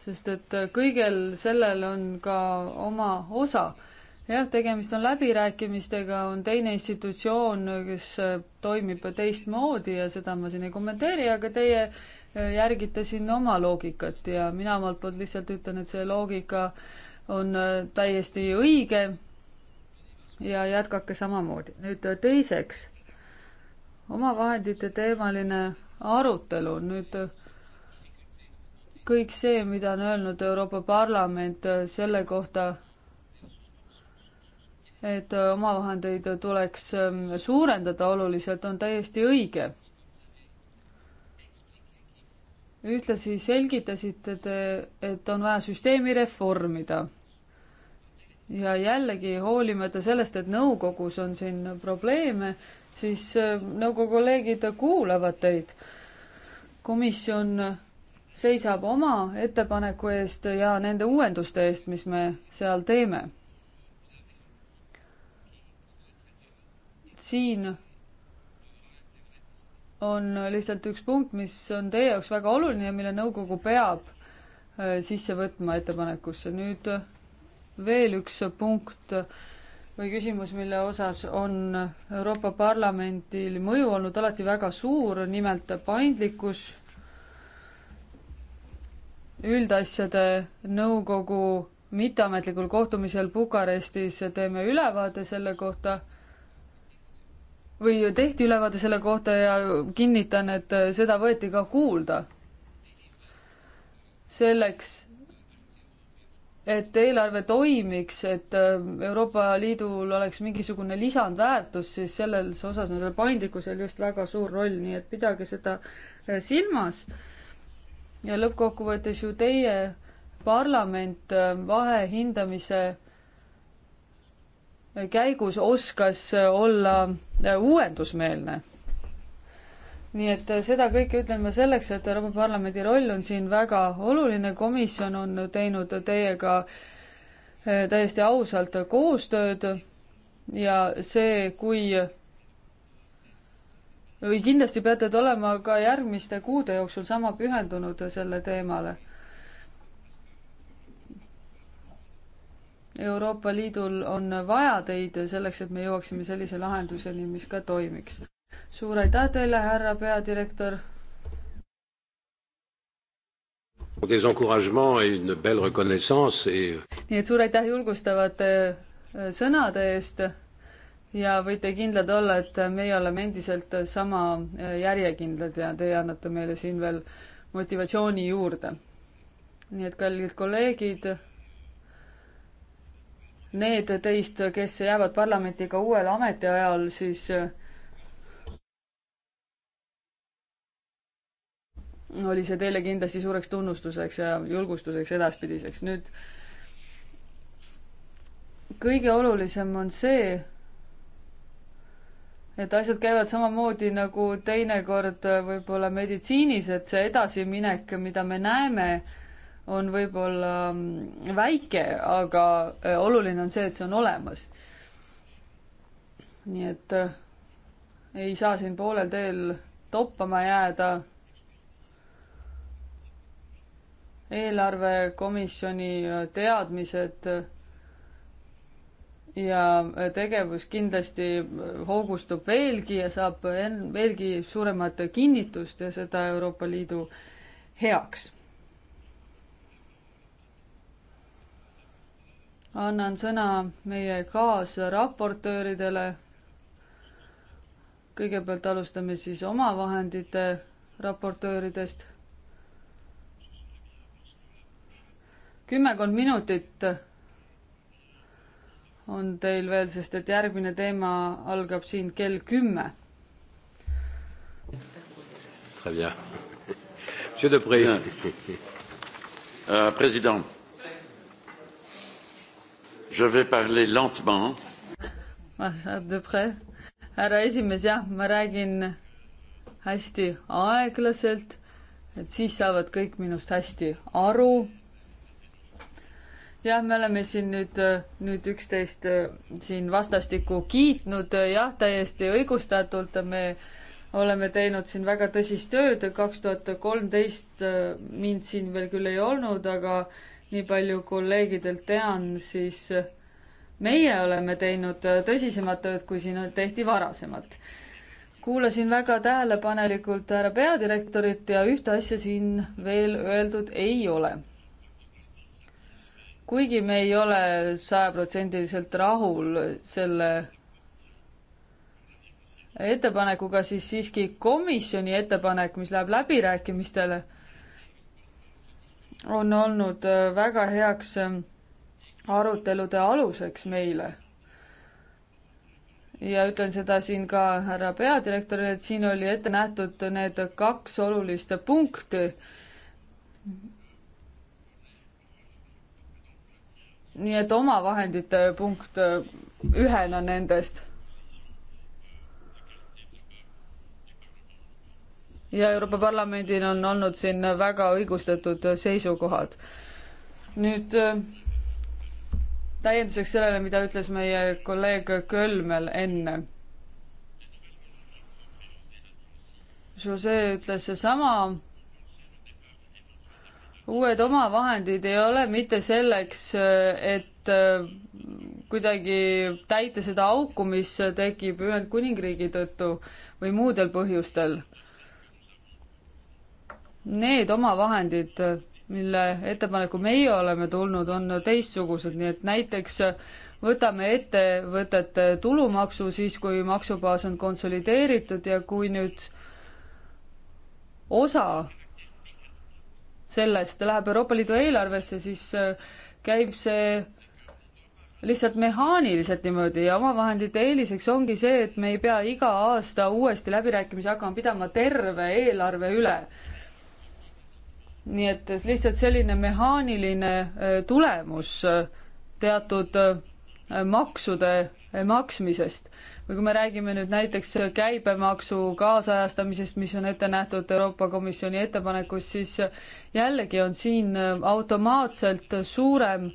sest et kõigel sellel on ka oma osa. jah, tegemist on läbirääkimistega, on teine institutsioon, kes toimib teistmoodi ja seda ma siin ei kommenteeri, aga teie eh, järgite siin oma loogikat ja mina omalt poolt lihtsalt ütlen, et see loogika on eh, täiesti õige ja jätkake samamoodi. nüüd äh, teiseks, omavahendite teemaline arutelu, nüüd äh, kõik see, mida on öelnud Euroopa Parlament äh, selle kohta, et omavahendeid tuleks ähm, suurendada oluliselt, on täiesti õige. ühtlasi selgitasite te, et on vaja süsteemi reformida ja jällegi, hoolimata sellest, et nõukogus on siin probleeme, siis äh, nõukogu kolleegid kuulavad teid. komisjon seisab oma ettepaneku eest ja nende uuenduste eest, mis me seal teeme. siin on lihtsalt üks punkt, mis on teie jaoks väga oluline ja mille nõukogu peab äh, sisse võtma ettepanekusse. nüüd veel üks punkt või küsimus, mille osas on Euroopa Parlamendil mõju olnud alati väga suur, nimelt paindlikkus üldasjade nõukogu mitteametlikul kohtumisel Bukarestis teeme ülevaate selle kohta või tehti ülevaade selle kohta ja kinnitan, et seda võeti ka kuulda. selleks, et eelarve toimiks, et äh, Euroopa Liidul oleks mingisugune lisandväärtus, siis selles osas on sellel paindlikkusel just väga suur roll, nii et pidage seda äh, silmas. ja lõppkokkuvõttes ju teie parlament äh, vahehindamise käigus oskas olla uuendusmeelne nii et äh, seda kõike ütlen ma selleks, et Euroopa Parlamendi roll on siin väga oluline, komisjon on teinud teiega äh, täiesti ausalt koostööd ja see, kui või kindlasti peate te olema ka järgmiste kuude jooksul sama pühendunud selle teemale. Euroopa Liidul on vaja teid selleks, et me jõuaksime sellise lahenduseni, mis ka toimiks suur aitäh teile, härra peadirektor. Des encouragements et une belle reconnaissance et euh, nii et suur aitäh julgustavate äh, sõnade eest ja võite kindlad olla, et meie oleme endiselt sama äh, järjekindlad ja teie annate meile siin veel motivatsiooni juurde. nii et kallid kolleegid, need teist, kes jäävad parlamenti ka uuel ametiajal, siis äh, oli see teile kindlasti suureks tunnustuseks ja julgustuseks edaspidiseks. nüüd kõige olulisem on see, et asjad käivad samamoodi nagu teinekord võib-olla meditsiinis, et see edasiminek, mida me näeme, on võib-olla mm, väike, aga äh, oluline on see, et see on olemas. nii et äh, ei saa siin poolel teel toppama jääda eelarvekomisjoni äh, teadmised äh, ja äh, tegevus kindlasti hoogustub veelgi ja saab veelgi suuremat kinnitust ja seda Euroopa Liidu heaks annan sõna meie kaasraportööridele. kõigepealt alustame siis omavahendite raportööridest. kümmekond minutit on teil veel, sest et järgmine teema algab siin kell kümme. Très bien. Monsieur Depré. Euh, président, je vais parler lentement. Depré, härra esimees, jah, ma räägin hästi aeglaselt, et siis saavad kõik minust hästi aru jah, me oleme siin nüüd, äh, nüüd üksteist äh, siin vastastikku kiitnud, äh, jah, täiesti õigustatult me oleme teinud siin väga tõsist tööd, kaks tuhat kolmteist mind siin veel küll ei olnud, aga nii palju kolleegidelt tean, siis meie oleme teinud tõsisemat tööd, kui siin tehti varasemalt. kuulasin väga tähelepanelikult härra peadirektorit ja ühte asja siin veel öeldud ei ole kuigi me ei ole sajaprotsendiliselt rahul selle ettepanekuga, siis siiski komisjoni ettepanek, mis läheb läbirääkimistele, on olnud äh, väga heaks äh, arutelude aluseks meile. ja ütlen seda siin ka härra peadirektorile, et siin oli ette nähtud need kaks olulist punkti, nii et omavahendite punkt äh, ühena nendest. ja Euroopa Parlamendil on olnud siin väga õigustatud seisukohad. nüüd äh, täienduseks sellele, mida ütles meie kolleeg Kölmel enne. Jose ütles seesama uued omavahendid ei ole mitte selleks, äh, et äh, kuidagi täita seda auku, mis tekib Ühendkuningriigi tõttu või muudel põhjustel. Need omavahendid, mille ettepaneku meie oleme tulnud, on teistsugused, nii et näiteks võtame ettevõtete tulumaksu siis, kui maksubaas on konsolideeritud ja kui nüüd osa sellest läheb Euroopa Liidu eelarvesse, siis äh, käib see lihtsalt mehaaniliselt niimoodi ja omavahendite eeliseks ongi see, et me ei pea iga aasta uuesti läbirääkimisi hakkama pidama terve eelarve üle. nii et lihtsalt selline mehaaniline äh, tulemus äh, teatud maksude maksmisest. või kui me räägime nüüd näiteks käibemaksu kaasajastamisest, mis on ette nähtud Euroopa Komisjoni ettepanekus, siis jällegi on siin automaatselt suurem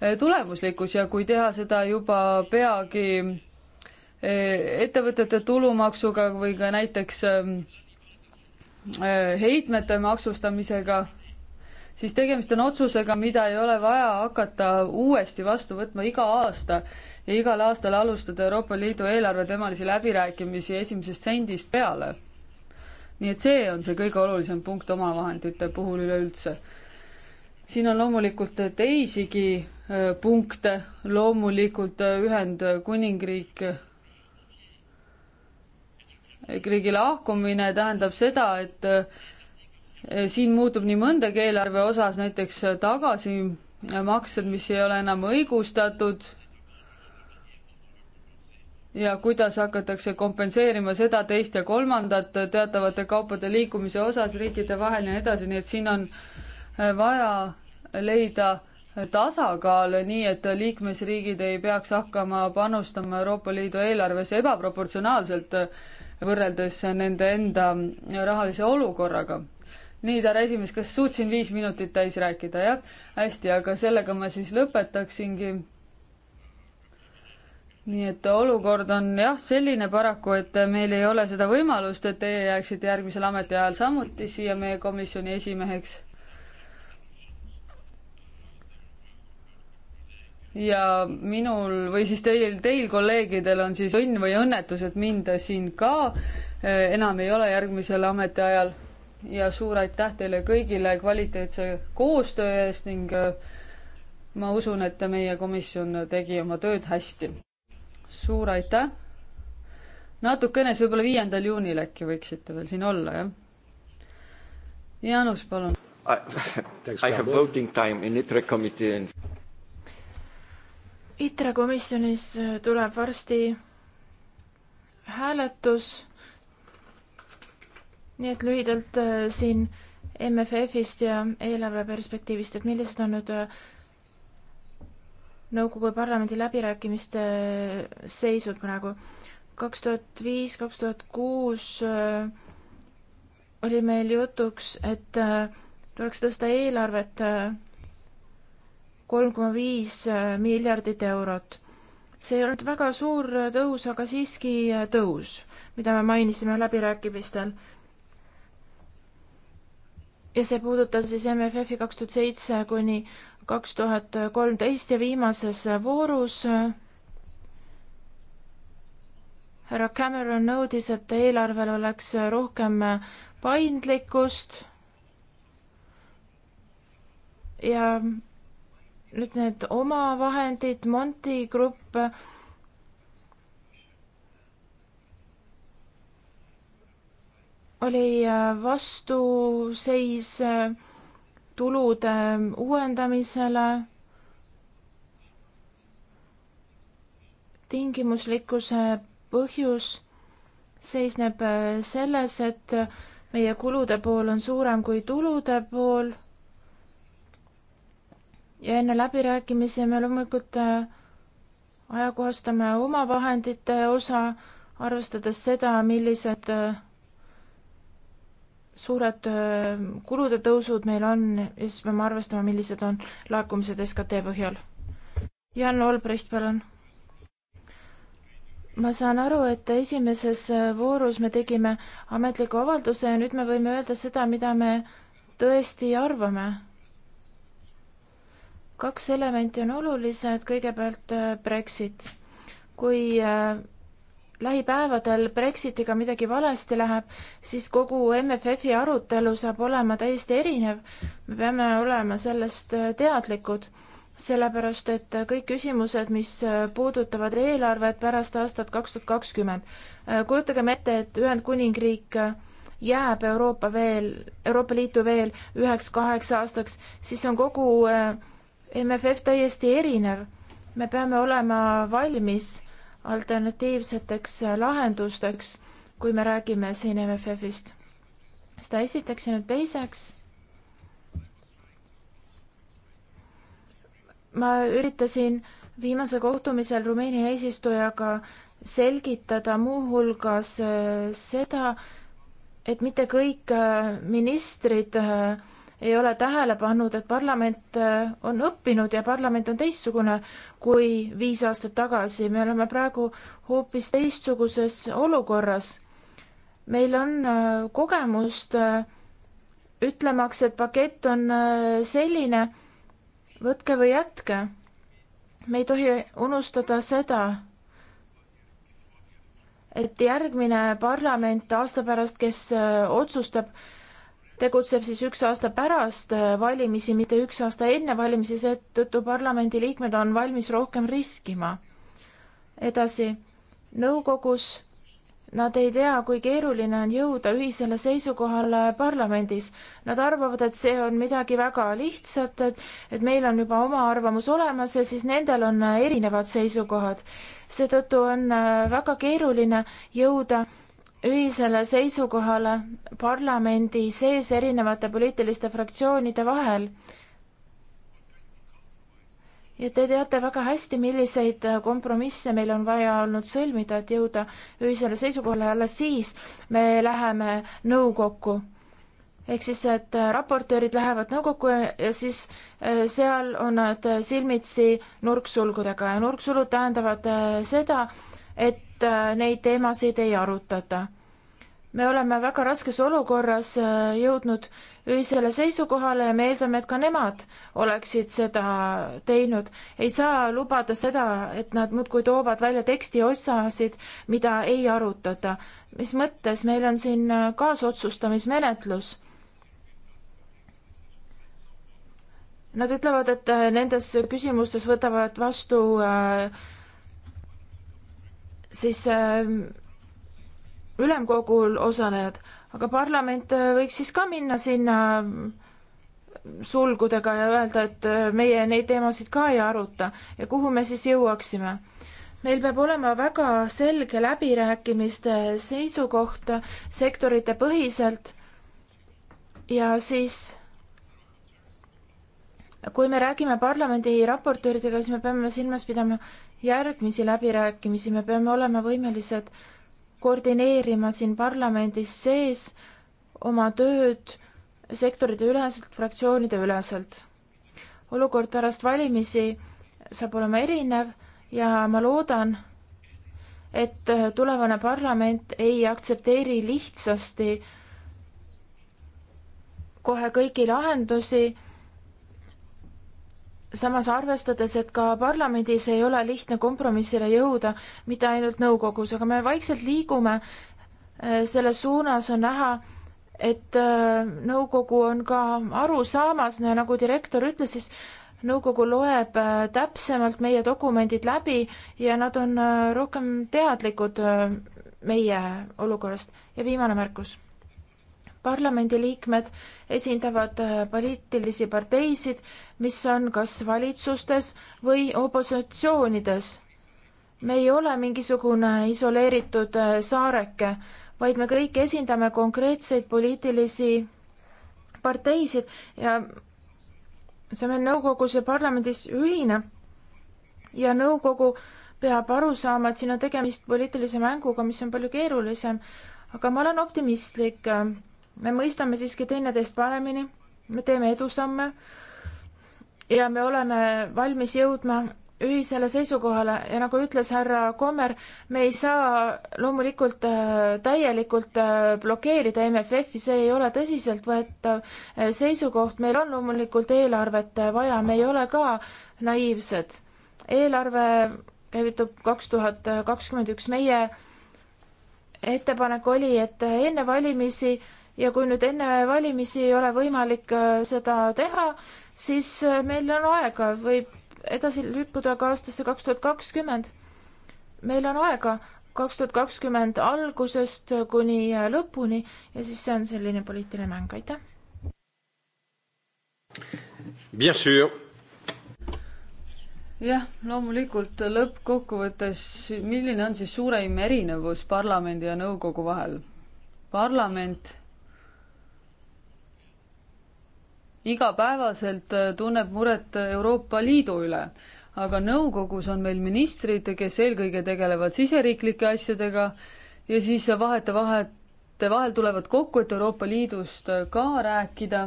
eh, tulemuslikkus ja kui teha seda juba peagi eh, ettevõtete tulumaksuga või ka näiteks eh, heitmete maksustamisega, siis tegemist on otsusega, mida ei ole vaja hakata uuesti vastu võtma iga aasta ja igal aastal alustada Euroopa Liidu eelarveteemalisi läbirääkimisi esimesest sendist peale. nii et see on see kõige olulisem punkt omavahendite puhul üleüldse. siin on loomulikult teisigi äh, punkte, loomulikult äh, Ühendkuningriik äh, riigi lahkumine tähendab seda, et Eh, siin muutub nii mõndagi eelarve osas, näiteks eh, tagasimaksed, mis ei ole enam õigustatud. ja kuidas hakatakse kompenseerima seda, teist ja kolmandat eh, teatavate kaupade liikumise osas riikide vahel ja nii edasi, nii et siin on vaja leida tasakaal, nii et liikmesriigid ei peaks hakkama panustama Euroopa Liidu eelarvesse ebaproportsionaalselt võrreldes nende enda rahalise olukorraga nii, härra esimees, kas suutsin viis minutit täis rääkida, jah? hästi, aga sellega ma siis lõpetaksingi. nii et olukord on jah, selline paraku, et meil ei ole seda võimalust, et teie jääksite järgmisel ametiajal samuti siia meie komisjoni esimeheks. ja minul või siis teil, teil kolleegidel on siis õnn või õnnetus, et mind siin ka enam ei ole järgmisel ametiajal ja suur aitäh teile kõigile kvaliteetse koostöö eest ning äh, ma usun, et meie komisjon tegi oma tööd hästi. suur aitäh! natukene, siis võib-olla viiendal juunil äkki võiksite veel siin olla, jah? Jaanus, palun. I have voting time in ITRE committee and ITRE komisjonis tuleb varsti hääletus nii et lühidalt äh, siin MFF-ist ja eelarveperspektiivist, et millised on nüüd äh, nõukogu ja parlamendi läbirääkimiste äh, seisud praegu. kaks tuhat viis, kaks tuhat kuus oli meil jutuks, et tuleks tõsta eelarvet kolm koma viis miljardit eurot. see ei olnud väga suur tõus, aga siiski tõus, mida me mainisime läbirääkimistel ja see puudutas siis MFF-i kaks tuhat seitse kuni kaks tuhat kolmteist ja viimases voorus härra Cameron nõudis, et eelarvel oleks rohkem paindlikkust ja nüüd need omavahendid, Monti grupp oli äh, vastuseis äh, tulude ähm, uuendamisele, tingimuslikkuse põhjus seisneb äh, selles, et meie kulude pool on suurem kui tulude pool. ja enne läbirääkimisi me loomulikult ajakohastame oma vahendite osa, arvestades seda, millised suured kulude tõusud meil on ja siis peame arvestama, millised on laekumised SKT põhjal. Jan Olbrist, palun. ma saan aru, et esimeses voorus me tegime ametliku avalduse ja nüüd me võime öelda seda, mida me tõesti arvame. kaks elementi on olulised, kõigepealt Brexit. kui lähipäevadel Brexitiga midagi valesti läheb, siis kogu MFF-i arutelu saab olema täiesti erinev. me peame olema sellest äh, teadlikud, sellepärast et äh, kõik küsimused, mis äh, puudutavad eelarvet pärast aastat kaks tuhat kakskümmend, kujutagem ette, et Ühendkuningriik jääb Euroopa veel, Euroopa Liitu veel üheks-kaheks aastaks, siis on kogu MFF täiesti erinev. me peame olema valmis alternatiivseteks lahendusteks, kui me räägime siin MFF-ist. seda esiteks ja nüüd teiseks. ma üritasin viimasel kohtumisel Rumeenia eesistujaga selgitada muuhulgas äh, seda, et mitte kõik äh, ministrid äh, ei ole tähele pannud, et parlament on õppinud ja parlament on teistsugune kui viis aastat tagasi, me oleme praegu hoopis teistsuguses olukorras. meil on äh, kogemust äh, ütlemaks, et pakett on äh, selline, võtke või jätke. me ei tohi unustada seda, et järgmine parlament aasta pärast, kes otsustab, tegutseb siis üks aasta pärast äh, valimisi, mitte üks aasta enne valimisi, seetõttu parlamendiliikmed on valmis rohkem riskima. edasi, nõukogus nad ei tea, kui keeruline on jõuda ühisele seisukohale parlamendis. Nad arvavad, et see on midagi väga lihtsat, et, et meil on juba oma arvamus olemas ja siis nendel on äh, erinevad seisukohad. seetõttu on äh, väga keeruline jõuda ühisele seisukohale parlamendi sees erinevate poliitiliste fraktsioonide vahel. ja te teate väga hästi, milliseid kompromisse meil on vaja olnud sõlmida, et jõuda ühisele seisukohale, alles siis me läheme nõukokku. ehk siis, et raportöörid lähevad nõukokku ja siis äh, seal on nad silmitsi nurksulgudega ja nurksulud tähendavad äh, seda, et Äh, neid teemasid ei arutata. me oleme väga raskes olukorras äh, jõudnud ühisele seisukohale ja me eeldame, et ka nemad oleksid seda teinud. ei saa lubada seda, et nad muudkui toovad välja teksti osasid, mida ei arutata. mis mõttes, meil on siin äh, kaasotsustamismenetlus. Nad ütlevad, et nendes küsimustes võtavad vastu äh, siis ähm, ülemkogul osalejad, aga parlament äh, võiks siis ka minna sinna ähm, sulgudega ja öelda, et äh, meie neid teemasid ka ei aruta ja kuhu me siis jõuaksime. meil peab olema väga selge läbirääkimiste seisukoht sektorite põhiselt ja siis kui me räägime parlamendi raportööridega, siis me peame silmas pidama järgmisi läbirääkimisi me peame olema võimelised koordineerima siin parlamendis sees oma tööd sektorite üleselt, fraktsioonide üleselt. olukord pärast valimisi saab olema erinev ja ma loodan, et tulevane parlament ei aktsepteeri lihtsasti kohe kõiki lahendusi samas arvestades, et ka parlamendis ei ole lihtne kompromissile jõuda, mitte ainult nõukogus, aga me vaikselt liigume äh, selles suunas, on näha, et äh, nõukogu on ka aru saamas, nagu direktor ütles, siis nõukogu loeb äh, täpsemalt meie dokumendid läbi ja nad on rohkem teadlikud meie olukorrast. ja viimane märkus parlamendiliikmed esindavad äh, poliitilisi parteisid, mis on kas valitsustes või opositsioonides. me ei ole mingisugune isoleeritud äh, saareke, vaid me kõik esindame konkreetseid poliitilisi parteisid ja see on meil nõukogus ja parlamendis ühine. ja nõukogu peab aru saama, et siin on tegemist poliitilise mänguga, mis on palju keerulisem, aga ma olen optimistlik äh, me mõistame siiski teineteist paremini, me teeme edusamme ja me oleme valmis jõudma ühisele seisukohale ja nagu ütles härra Kommer, me ei saa loomulikult äh, täielikult äh, blokeerida MFF-i, see ei ole tõsiseltvõetav äh, seisukoht, meil on loomulikult eelarvet vaja, me ei ole ka naiivsed. eelarve käivitub kaks tuhat kakskümmend üks, meie ettepanek oli, et enne valimisi äh, ja kui nüüd enne valimisi ei ole võimalik äh, seda teha, siis äh, meil on aega, võib edasi lükkuda ka aastasse kaks tuhat kakskümmend. meil on aega kaks tuhat kakskümmend algusest äh, kuni lõpuni ja siis see on selline poliitiline mäng, aitäh. jah, loomulikult lõppkokkuvõttes, milline on siis suurem erinevus parlamendi ja nõukogu vahel? parlament igapäevaselt äh, tunneb muret Euroopa Liidu üle. aga nõukogus on meil ministrid, kes eelkõige tegelevad siseriiklike asjadega ja siis vahetevahel tulevad kokku, et Euroopa Liidust äh, ka rääkida.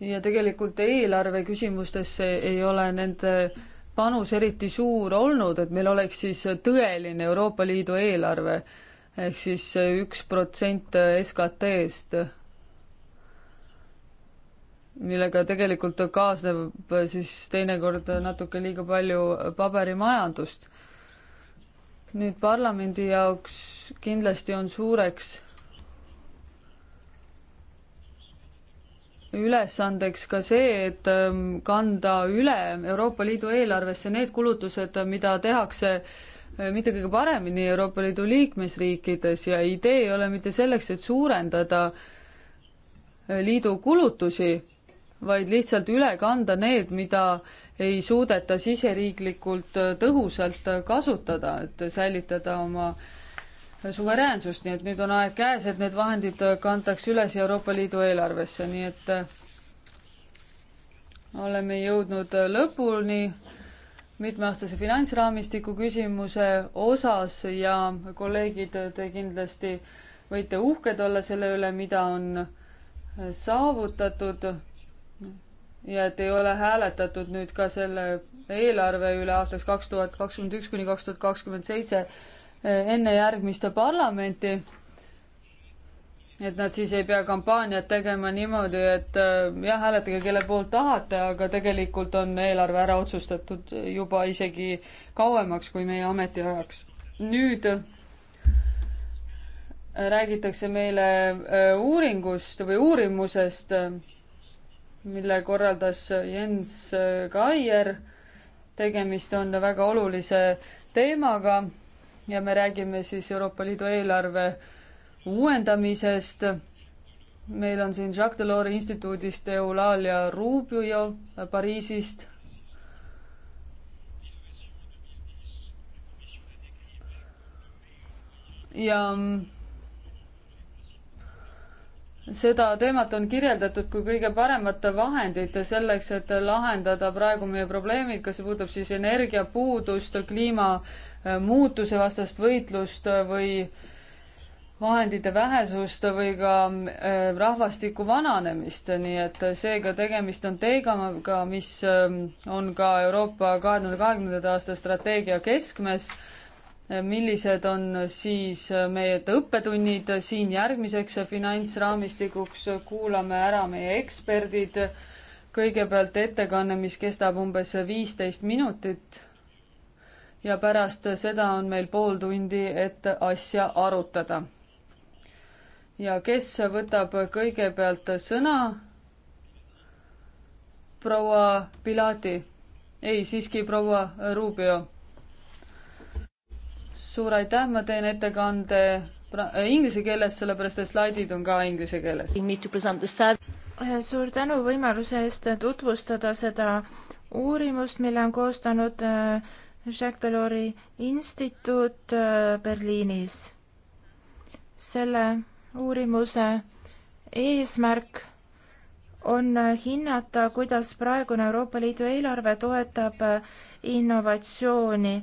ja tegelikult eelarve küsimustesse ei ole nende panus eriti suur olnud, et meil oleks siis tõeline Euroopa Liidu eelarve ehk siis äh, üks protsent SKT-st millega tegelikult kaasneb siis teinekord natuke liiga palju paberimajandust. nüüd parlamendi jaoks kindlasti on suureks ülesandeks ka see, et ähm, kanda üle Euroopa Liidu eelarvesse need kulutused, mida tehakse äh, mitte kõige paremini Euroopa Liidu liikmesriikides ja idee ei ole mitte selleks, et suurendada äh, liidu kulutusi, vaid lihtsalt üle kanda need, mida ei suudeta siseriiklikult äh, tõhusalt äh, kasutada, et säilitada oma suveräänsust, nii et nüüd on aeg käes, et need vahendid äh, kantakse üles Euroopa Liidu eelarvesse, nii et oleme jõudnud lõpuni mitmeaastase finantsraamistiku küsimuse osas ja kolleegid, te kindlasti võite uhked olla selle üle, mida on saavutatud ja et ei ole hääletatud nüüd ka selle eelarve üle aastaks kaks tuhat kakskümmend üks kuni kaks tuhat kakskümmend seitse eh, enne järgmiste parlamenti. et nad siis ei pea kampaaniat tegema niimoodi, et eh, jah, hääletage, kelle poolt tahate, aga tegelikult on eelarve ära otsustatud juba isegi kauemaks kui meie ametiajaks. nüüd eh, räägitakse meile uuringust või uurimusest mille korraldas Jens Kaier. tegemist on väga olulise teemaga ja me räägime siis Euroopa Liidu eelarve uuendamisest. meil on siin Jacques Delors'i instituudist Eulalia Rubio Pariisist. ja seda teemat on kirjeldatud kui kõige paremat vahendit selleks, et lahendada praegu meie probleemid, kas see puudutab siis energiapuudust, kliimamuutuse äh, vastast võitlust või vahendite vähesust või ka äh, rahvastiku vananemist, nii et seega tegemist on teemaga, mis ähm, on ka Euroopa kahe tuhande kahekümnenda aasta strateegia keskmes millised on siis meie õppetunnid siin järgmiseks finantsraamistikuks, kuulame ära meie eksperdid, kõigepealt ettekanne, mis kestab umbes viisteist minutit ja pärast seda on meil pool tundi, et asja arutada. ja kes võtab kõigepealt sõna? proua Pilati, ei siiski proua Rubio suur aitäh, ma teen ettekande äh, inglise keeles, sellepärast et slaidid on ka inglise keeles. Äh, suur tänu võimaluse eest tutvustada seda uurimust, mille on koostanud äh, Jacques Delors'i instituut Berliinis. selle uurimuse eesmärk on hinnata, kuidas praegune Euroopa Liidu eelarve toetab innovatsiooni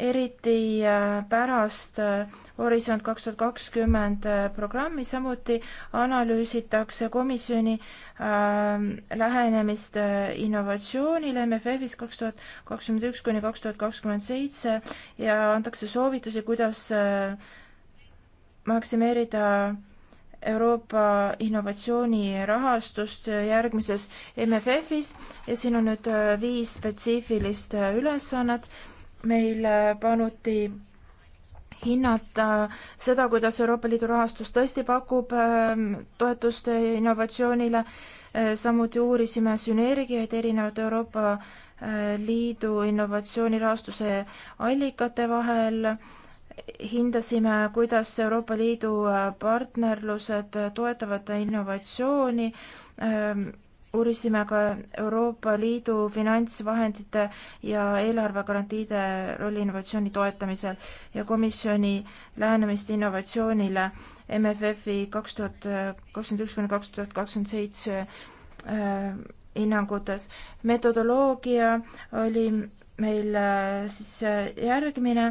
eriti äh, pärast äh, Horisont kaks tuhat kakskümmend äh, programmi, samuti analüüsitakse komisjoni ähm, äh, lähenemist innovatsioonile MFF-is kaks tuhat kakskümmend üks kuni kaks tuhat kakskümmend seitse ja antakse soovitusi, kuidas äh, maksimeerida Euroopa innovatsioonirahastust järgmises MFF-is ja siin on nüüd viis spetsiifilist ülesannet, meil paluti hinnata seda, kuidas Euroopa Liidu rahastus tõesti pakub ähm, toetust innovatsioonile, äh, samuti uurisime sünergiaid erinevate Euroopa äh, Liidu innovatsioonirahastuse allikate vahel, hindasime, kuidas Euroopa Liidu äh, partnerlused toetavad innovatsiooni, ähm, uurisime ka Euroopa Liidu finantsvahendite ja eelarvegarantiide rolli innovatsiooni toetamisel ja komisjoni lähenemist innovatsioonile MFF-i kaks tuhat kakskümmend üks kuni kaks tuhat kakskümmend seitse äh, hinnangutes. metodoloogia oli meil äh, siis äh, järgmine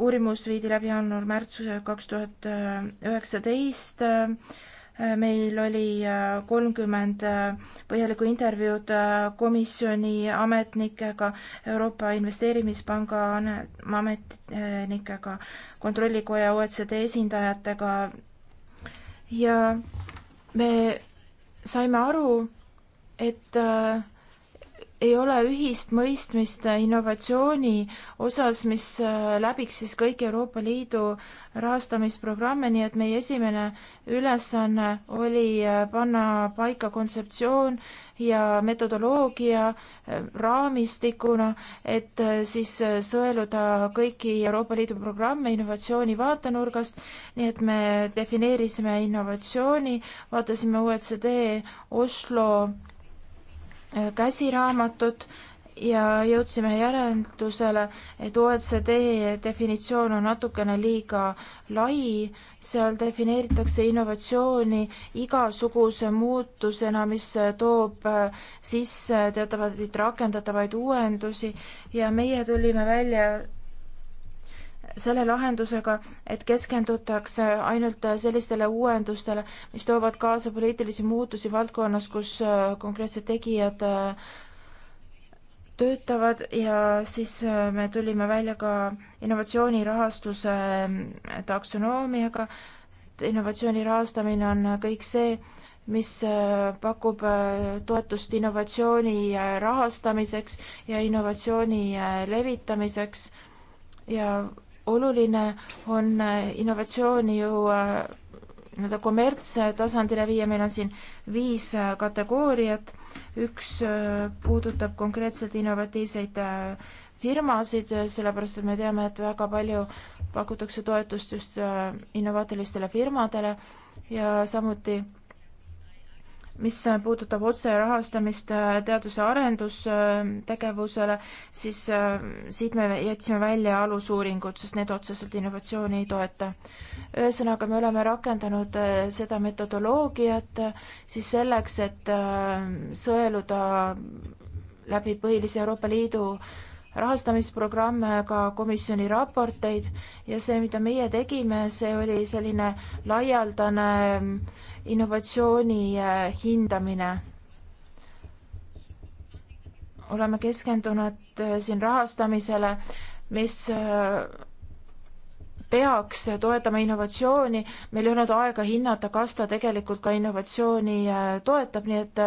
uurimus viidi läbi jaanuar-märts kaks tuhat üheksateist meil oli äh, kolmkümmend äh, põhjalikku intervjuud äh, komisjoni ametnikega, Euroopa Investeerimispanga ametnikega, kontrollikoja OECD esindajatega ja me saime aru, et äh, ei ole ühist mõistmist innovatsiooni osas, mis äh, läbiks siis kõik Euroopa Liidu rahastamisprogramme, nii et meie esimene ülesanne oli äh, panna paika kontseptsioon ja metodoloogia äh, raamistikuna, et siis sõeluda kõiki Euroopa Liidu programme innovatsiooni vaatenurgast, nii et me defineerisime innovatsiooni, vaatasime OECD Oslo Äh, käsiraamatut ja jõudsime järeldusele, et OECD definitsioon on natukene liiga lai, seal defineeritakse innovatsiooni igasuguse muutusena, mis toob äh, sisse teatavaid rakendatavaid uuendusi ja meie tulime välja selle lahendusega, et keskendutakse ainult sellistele uuendustele, mis toovad kaasa poliitilisi muutusi valdkonnas, kus äh, konkreetsed tegijad äh, töötavad ja siis äh, me tulime välja ka innovatsioonirahastuse taksonoomiaga, et innovatsiooni rahastamine on kõik see, mis pakub toetust innovatsiooni rahastamiseks ja innovatsiooni levitamiseks ja oluline on äh, innovatsiooni ju äh, nii-öelda kommertstasandile viia, meil on siin viis äh, kategooriat, üks puudutab konkreetselt innovatiivseid firmasid, sellepärast et me teame, et väga palju pakutakse toetust just innovaatilistele firmadele ja samuti mis puudutab otse rahastamist äh, teadus- ja arendustegevusele, siis äh, siit me jätsime välja alusuuringud, sest need otseselt innovatsiooni ei toeta. ühesõnaga, me oleme rakendanud äh, seda metodoloogiat siis selleks, et sõeluda läbi põhilise Euroopa Liidu rahastamisprogramme, ka komisjoni raporteid ja see, mida meie tegime, see oli selline laialdane innovatsiooni äh, hindamine. oleme keskendunud äh, siin rahastamisele, mis äh, peaks toetama innovatsiooni, meil ei olnud aega hinnata, kas ta tegelikult ka innovatsiooni toetab, nii et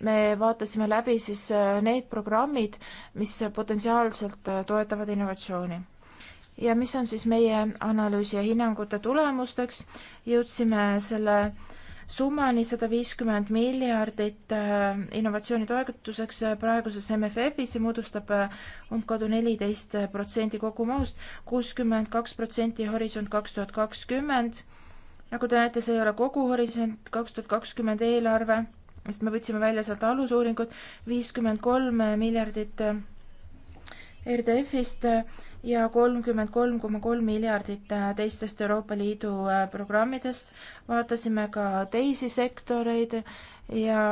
me vaatasime läbi siis need programmid, mis potentsiaalselt toetavad innovatsiooni ja mis on siis meie analüüsi ja hinnangute tulemusteks, jõudsime selle summani sada viiskümmend miljardit äh, innovatsioonitoetuseks äh, praeguses MFF-is, see moodustab äh, umbkaudu neliteist protsendi kogumahust, kuuskümmend kaks protsenti Horisont kaks tuhat kakskümmend. nagu te näete, see ei ole kogu Horisont kaks tuhat kakskümmend eelarve, sest me võtsime välja sealt alusuuringud, viiskümmend kolm miljardit RDF-ist ja kolmkümmend kolm koma kolm miljardit äh, teistest Euroopa Liidu äh, programmidest. vaatasime ka teisi sektoreid ja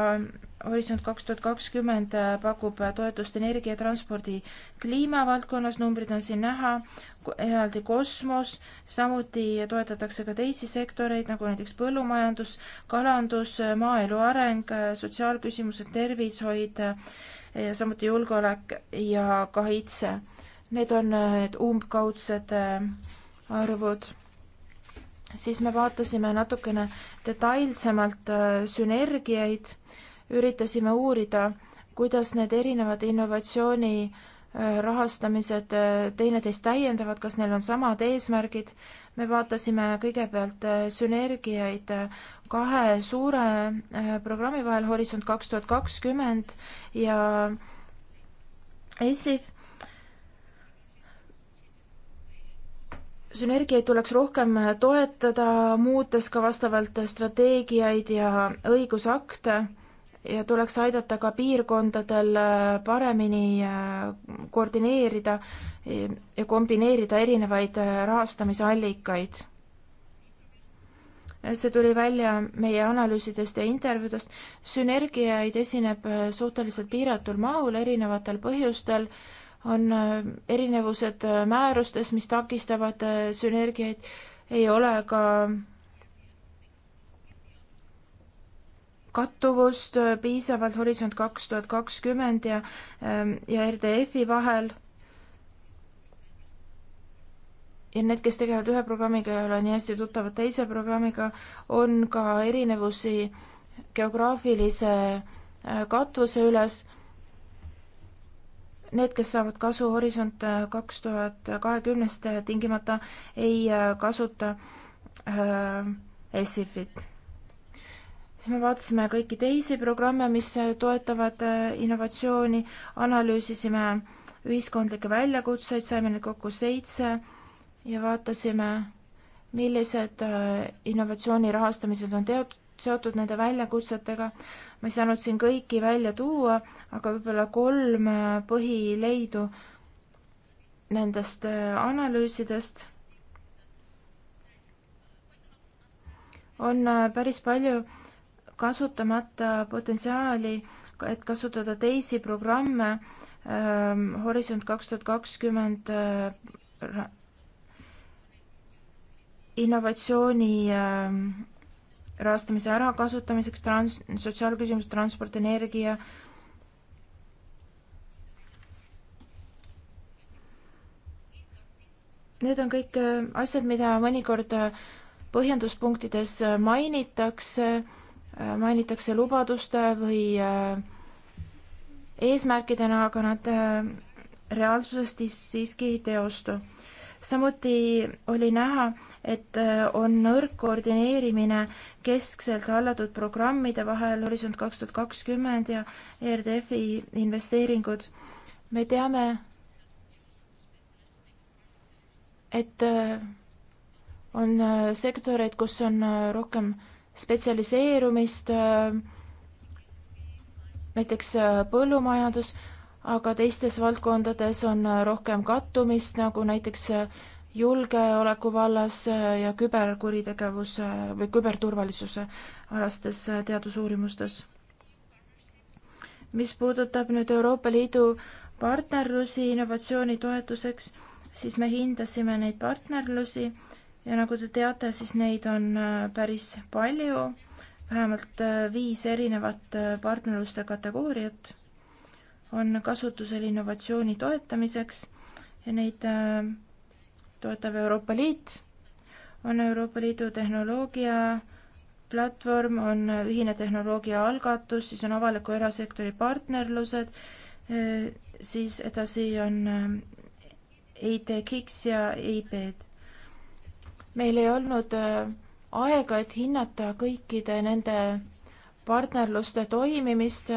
Horisont kaks tuhat kakskümmend äh, pakub toetust energia, transpordi, kliimavaldkonnas, numbrid on siin näha, eraldi kosmos, samuti toetatakse ka teisi sektoreid, nagu näiteks põllumajandus, kalandus, maaelu areng, sotsiaalküsimused, tervishoid, samuti julgeolek ja kaitse Need on äh, need umbkaudsed äh, arvud. siis me vaatasime natukene detailsemalt äh, sünergiaid, üritasime uurida, kuidas need erinevad innovatsiooni rahastamised teineteist täiendavad, kas neil on samad eesmärgid. me vaatasime kõigepealt sünergiaid kahe suure programmi vahel, Horisont kaks tuhat kakskümmend ja ESIF sünergiaid tuleks rohkem toetada, muutes ka vastavalt strateegiaid ja õigusakte ja tuleks aidata ka piirkondadel paremini äh, koordineerida ja kombineerida erinevaid äh, rahastamisallikaid. see tuli välja meie analüüsidest ja intervjuudest. sünergiaid esineb äh, suhteliselt piiratul mahul erinevatel põhjustel on äh, erinevused äh, määrustes, mis takistavad äh, sünergiaid, ei ole ka kattuvust piisavalt Horisont kaks tuhat kakskümmend ja, ähm, ja RDF-i vahel. ja need, kes tegelevad ühe programmiga ja ei ole nii hästi tuttavad teise programmiga, on ka erinevusi geograafilise katvuse üles need, kes saavad kasu Horisont äh, kaks tuhat kahekümnest, äh, tingimata ei äh, kasuta äh, ESIF-it. siis me vaatasime kõiki teisi programme, mis toetavad innovatsiooni, analüüsisime ühiskondlikke väljakutseid, saime neid kokku seitse ja vaatasime, millised innovatsiooni rahastamised on teotud, seotud nende väljakutsetega. ma ei saanud siin kõiki välja tuua, aga võib-olla kolm äh, põhileidu nendest äh, analüüsidest. on äh, päris palju kasutamata potentsiaali, et kasutada teisi programme ähm,, Horisont kaks tuhat kakskümmend innovatsiooni äh, rahastamise ärakasutamiseks, trans-, sotsiaalküsimused, transport, energia. Need on kõik äh, asjad, mida mõnikord äh, põhjenduspunktides äh, mainitakse, mainitakse lubaduste või eesmärkidena, aga nad reaalsusest siiski ei teostu. samuti oli näha, et äh, on nõrk koordineerimine keskselt hallatud programmide vahel Horisont kaks tuhat kakskümmend ja ERDF-i investeeringud. me teame, et äh, on äh, sektoreid, kus on rohkem spetsialiseerumist, näiteks põllumajandus, aga teistes valdkondades on rohkem kattumist, nagu näiteks julgeoleku vallas äh, ja küberkuritegevuse äh, või küberturvalisuse alastes äh, teadusuurimustes. mis puudutab nüüd Euroopa Liidu partnerlusi innovatsiooni toetuseks, siis me hindasime neid partnerlusi ja nagu te teate, siis neid on päris palju, vähemalt viis erinevat partnerluste kategooriat on kasutusel innovatsiooni toetamiseks ja neid toetab Euroopa Liit, on Euroopa Liidu tehnoloogia platvorm, on ühine tehnoloogia algatus, siis on avaliku erasektori partnerlused, siis edasi on EIT eh, e KIKS ja EIB-d. meil ei olnud eh, aega, et hinnata kõikide nende partnerluste toimimist.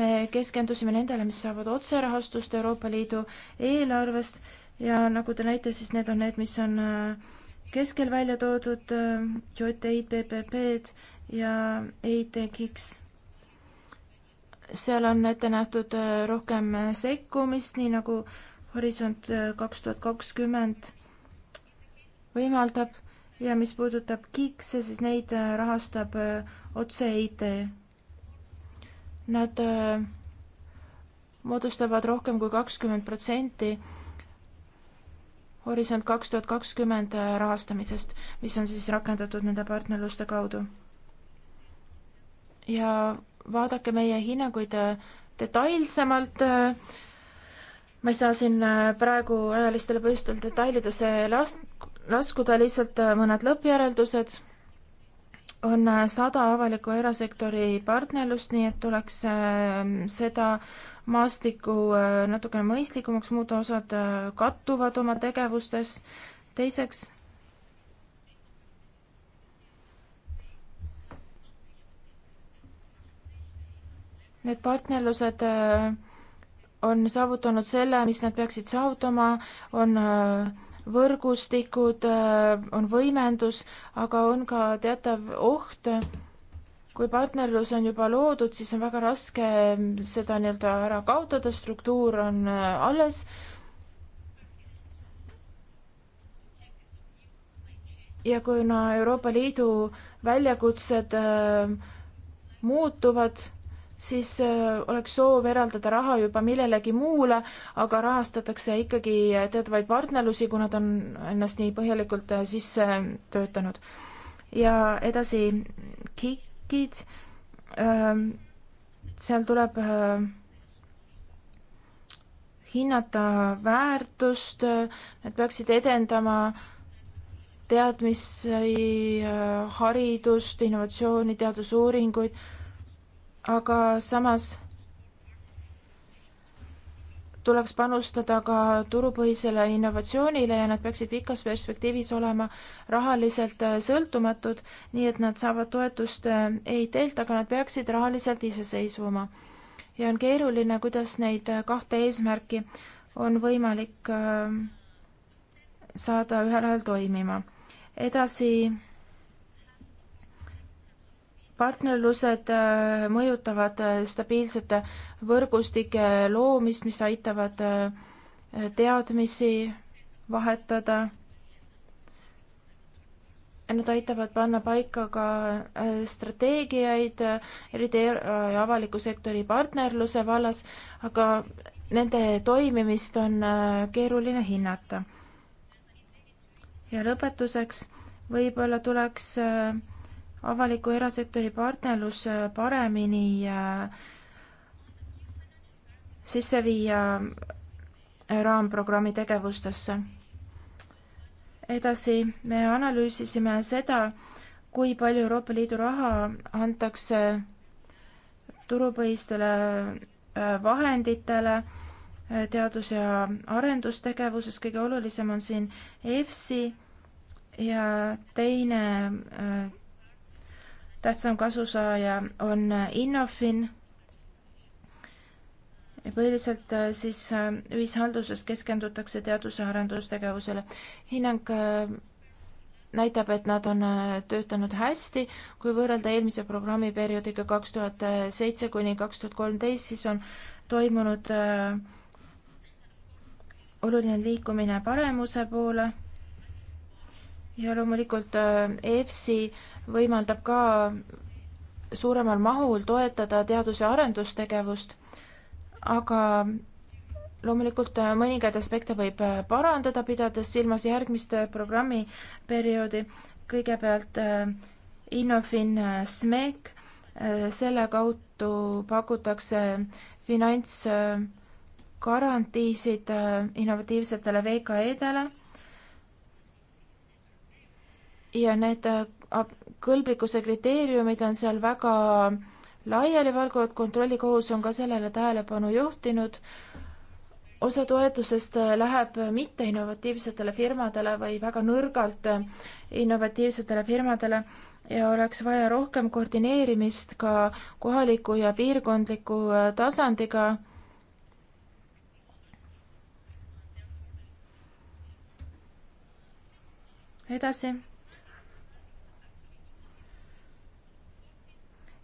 me keskendusime nendele, mis saavad otserahastust Euroopa Liidu eelarvest ja nagu te näite, siis need on need, mis on äh, keskel välja toodud, äh, JTI-d, e PPP-d ja EIT-KIKS seal on ette nähtud äh, rohkem sekkumist, nii nagu Horisont kaks tuhat kakskümmend võimaldab ja mis puudutab KIKS-e, siis neid rahastab otse IT. Nad moodustavad rohkem kui kakskümmend protsenti Horisont kaks tuhat kakskümmend äh, rahastamisest, mis on siis rakendatud nende partnerluste kaudu. ja vaadake meie hinnanguid äh, detailsemalt. Äh, ma ei saa siin praegu ajalistel põhjustel detailidesse las-, laskuda, lihtsalt mõned lõppjäreldused. on sada avaliku erasektori partnerlust, nii et tuleks seda maastikku äh, natukene mõistlikumaks muuta, osad äh, kattuvad oma tegevustes. teiseks, need partnerlused äh, on saavutanud selle, mis nad peaksid saavutama, on võrgustikud, on võimendus, aga on ka teatav oht kui partnerlus on juba loodud, siis on väga raske seda nii-öelda ära kaotada, struktuur on äh, alles. ja kuna no, Euroopa Liidu väljakutsed äh, muutuvad, siis äh, oleks soov eraldada raha juba millelegi muule, aga rahastatakse ikkagi teatavaid partnerlusi, kui nad on ennast nii põhjalikult äh, sisse töötanud. ja edasi KIK pakid, ähm, seal tuleb ähm, hinnata väärtust, nad peaksid edendama teadmisi, äh, haridust, innovatsiooni, teadusuuringuid, aga samas tuleks panustada ka turupõhisele innovatsioonile ja nad peaksid pikas perspektiivis olema rahaliselt äh, sõltumatud, nii et nad saavad toetust äh, EIT-lt, aga nad peaksid rahaliselt iseseisvuma. ja on keeruline, kuidas neid äh, kahte eesmärki on võimalik saada ühel ajal toimima. edasi partnerlused äh, mõjutavad äh, stabiilsete võrgustike loomist, mis aitavad äh, teadmisi vahetada. Nad aitavad panna paika ka strateegiaid eriti ja e-, avaliku sektori partnerluse vallas, aga nende toimimist on keeruline hinnata. ja lõpetuseks võib-olla tuleks äh, avaliku erasektori partnerlus äh, paremini äh, sisse viia äh, raamprogrammi tegevustesse. edasi, me analüüsisime seda, kui palju Euroopa Liidu raha antakse turupõhistele vahenditele teadus- ja arendustegevuses, kõige olulisem on siin EFSI ja teine tähtsam kasusaaja on äh, Innofin. põhiliselt äh, siis äh, ühishalduses keskendutakse teadus- ja arendustegevusele. hinnang näitab, et nad on töötanud hästi, kui võrrelda eelmise programmiperioodiga kaks tuhat seitse kuni kaks tuhat kolmteist, siis on toimunud oluline liikumine paremuse poole ja loomulikult EFSI võimaldab ka suuremal mahul toetada teadus- ja arendustegevust, aga loomulikult äh, mõningaid aspekte võib äh, parandada, pidades silmas järgmist äh, programmiperioodi, kõigepealt Innofin SMEC, selle kaudu pakutakse finantsgarantiisid innovatiivsetele VKE-dele ja need kõlblikkuse kriteeriumid on seal väga laialivalguvad, kontrollikohus on ka sellele tähelepanu juhtinud. osa toetusest läheb mitteinnovatiivsetele firmadele või väga nõrgalt innovatiivsetele firmadele ja oleks vaja rohkem koordineerimist ka kohaliku ja piirkondliku äh, tasandiga. edasi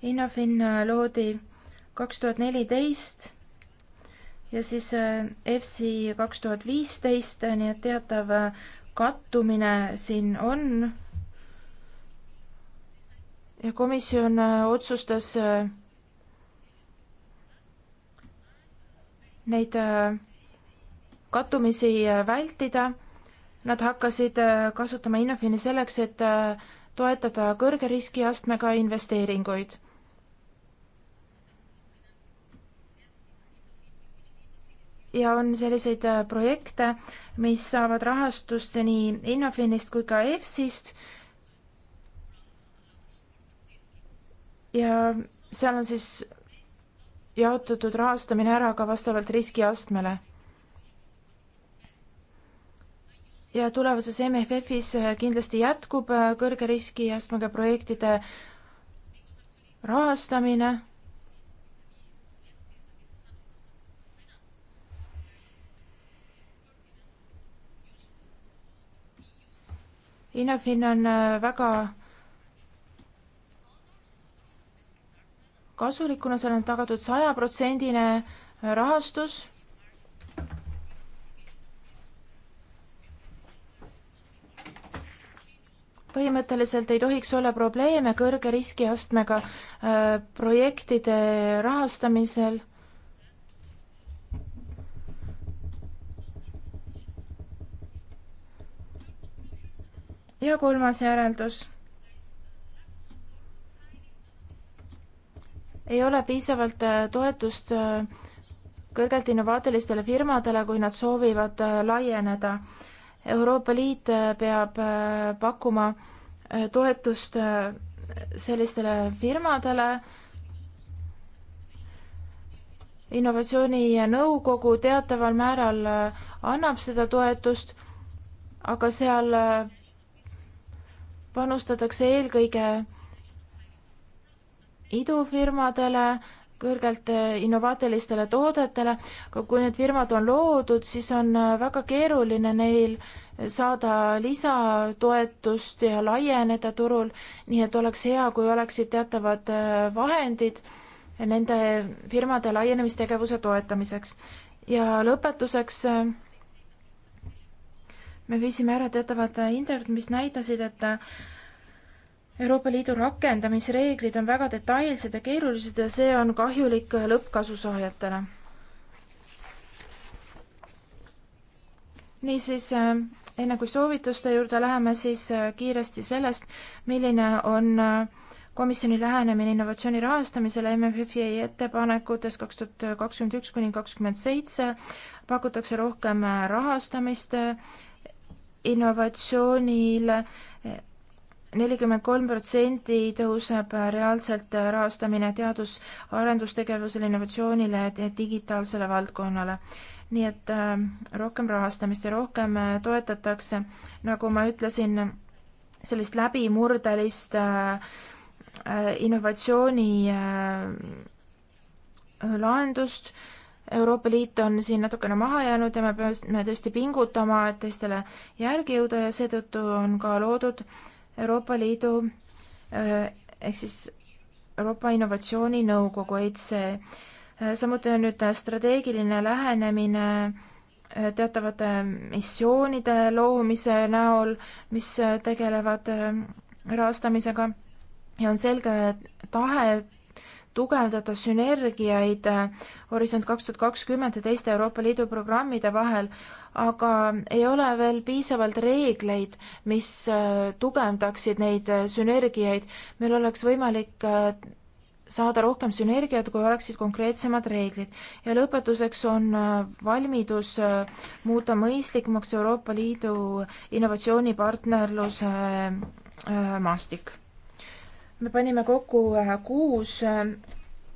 Innofin äh, loodi kaks tuhat neliteist ja siis äh, EFSI kaks tuhat viisteist, äh, nii et teatav kattumine siin on. ja komisjon otsustas neid kattumisi vältida. Nad hakkasid kasutama Innofini selleks, et toetada kõrge riskiastmega investeeringuid ja on selliseid äh, projekte, mis saavad rahastust nii Innofinist kui ka EFSist. ja seal on siis jaotatud rahastamine ära ka vastavalt riskiastmele. ja tulevases MFF-is äh, kindlasti jätkub äh, kõrge riskiastmega projektide rahastamine Innofin on äh, väga kasulik, kuna seal on tagatud sajaprotsendine äh, rahastus. põhimõtteliselt ei tohiks olla probleeme kõrge riskiastmega äh, projektide rahastamisel ja kolmas järeldus. ei ole piisavalt äh, toetust äh, kõrgelt innovaatilistele firmadele, kui nad soovivad äh, laieneda. Euroopa Liit peab pakkuma toetust sellistele firmadele, innovatsiooninõukogu teataval määral annab seda toetust, aga seal panustatakse eelkõige idufirmadele, kõrgelt äh, innovaatilistele toodetele, aga kui need firmad on loodud, siis on äh, väga keeruline neil saada lisatoetust ja laieneda turul, nii et oleks hea, kui oleksid teatavad äh, vahendid nende firmade laienemistegevuse toetamiseks. ja lõpetuseks me viisime ära teatavad intervjuud, mis näitasid, et Euroopa Liidu rakendamisreeglid on väga detailsed ja keerulised ja see on kahjulik lõppkasusaajatele. niisiis, enne kui soovituste juurde läheme, siis kiiresti sellest, milline on komisjoni lähenemine innovatsiooni rahastamisele MFFi ettepanekutes kaks tuhat kakskümmend üks kuni kakskümmend seitse pakutakse rohkem rahastamist innovatsioonil nelikümmend kolm protsenti tõuseb reaalselt rahastamine teadus- ja arendustegevusele, innovatsioonile ja digitaalsele valdkonnale. nii et äh, rohkem rahastamist ja rohkem äh, toetatakse, nagu ma ütlesin, sellist läbimurdelist äh, innovatsiooni lahendust Euroopa Liit on siin natukene maha jäänud ja me peame tõesti pingutama, et teistele järgi jõuda ja seetõttu on ka loodud Euroopa Liidu eh, ehk siis Euroopa Innovatsiooninõukogu EITSE. samuti on nüüd strateegiline lähenemine eh, teatavate missioonide loomise näol, mis tegelevad eh, rahastamisega ja on selge tahe tugevdada sünergiaid äh, Horisont kaks tuhat kakskümmend ja teiste Euroopa Liidu programmide vahel, aga ei ole veel piisavalt reegleid, mis äh, tugevdaksid neid äh, sünergiaid. meil oleks võimalik saada rohkem sünergiat, kui oleksid konkreetsemad reeglid. ja lõpetuseks on valmidus muuta mõistlikumaks Euroopa Liidu innovatsioonipartnerluse maastik me panime kokku äh, kuus äh,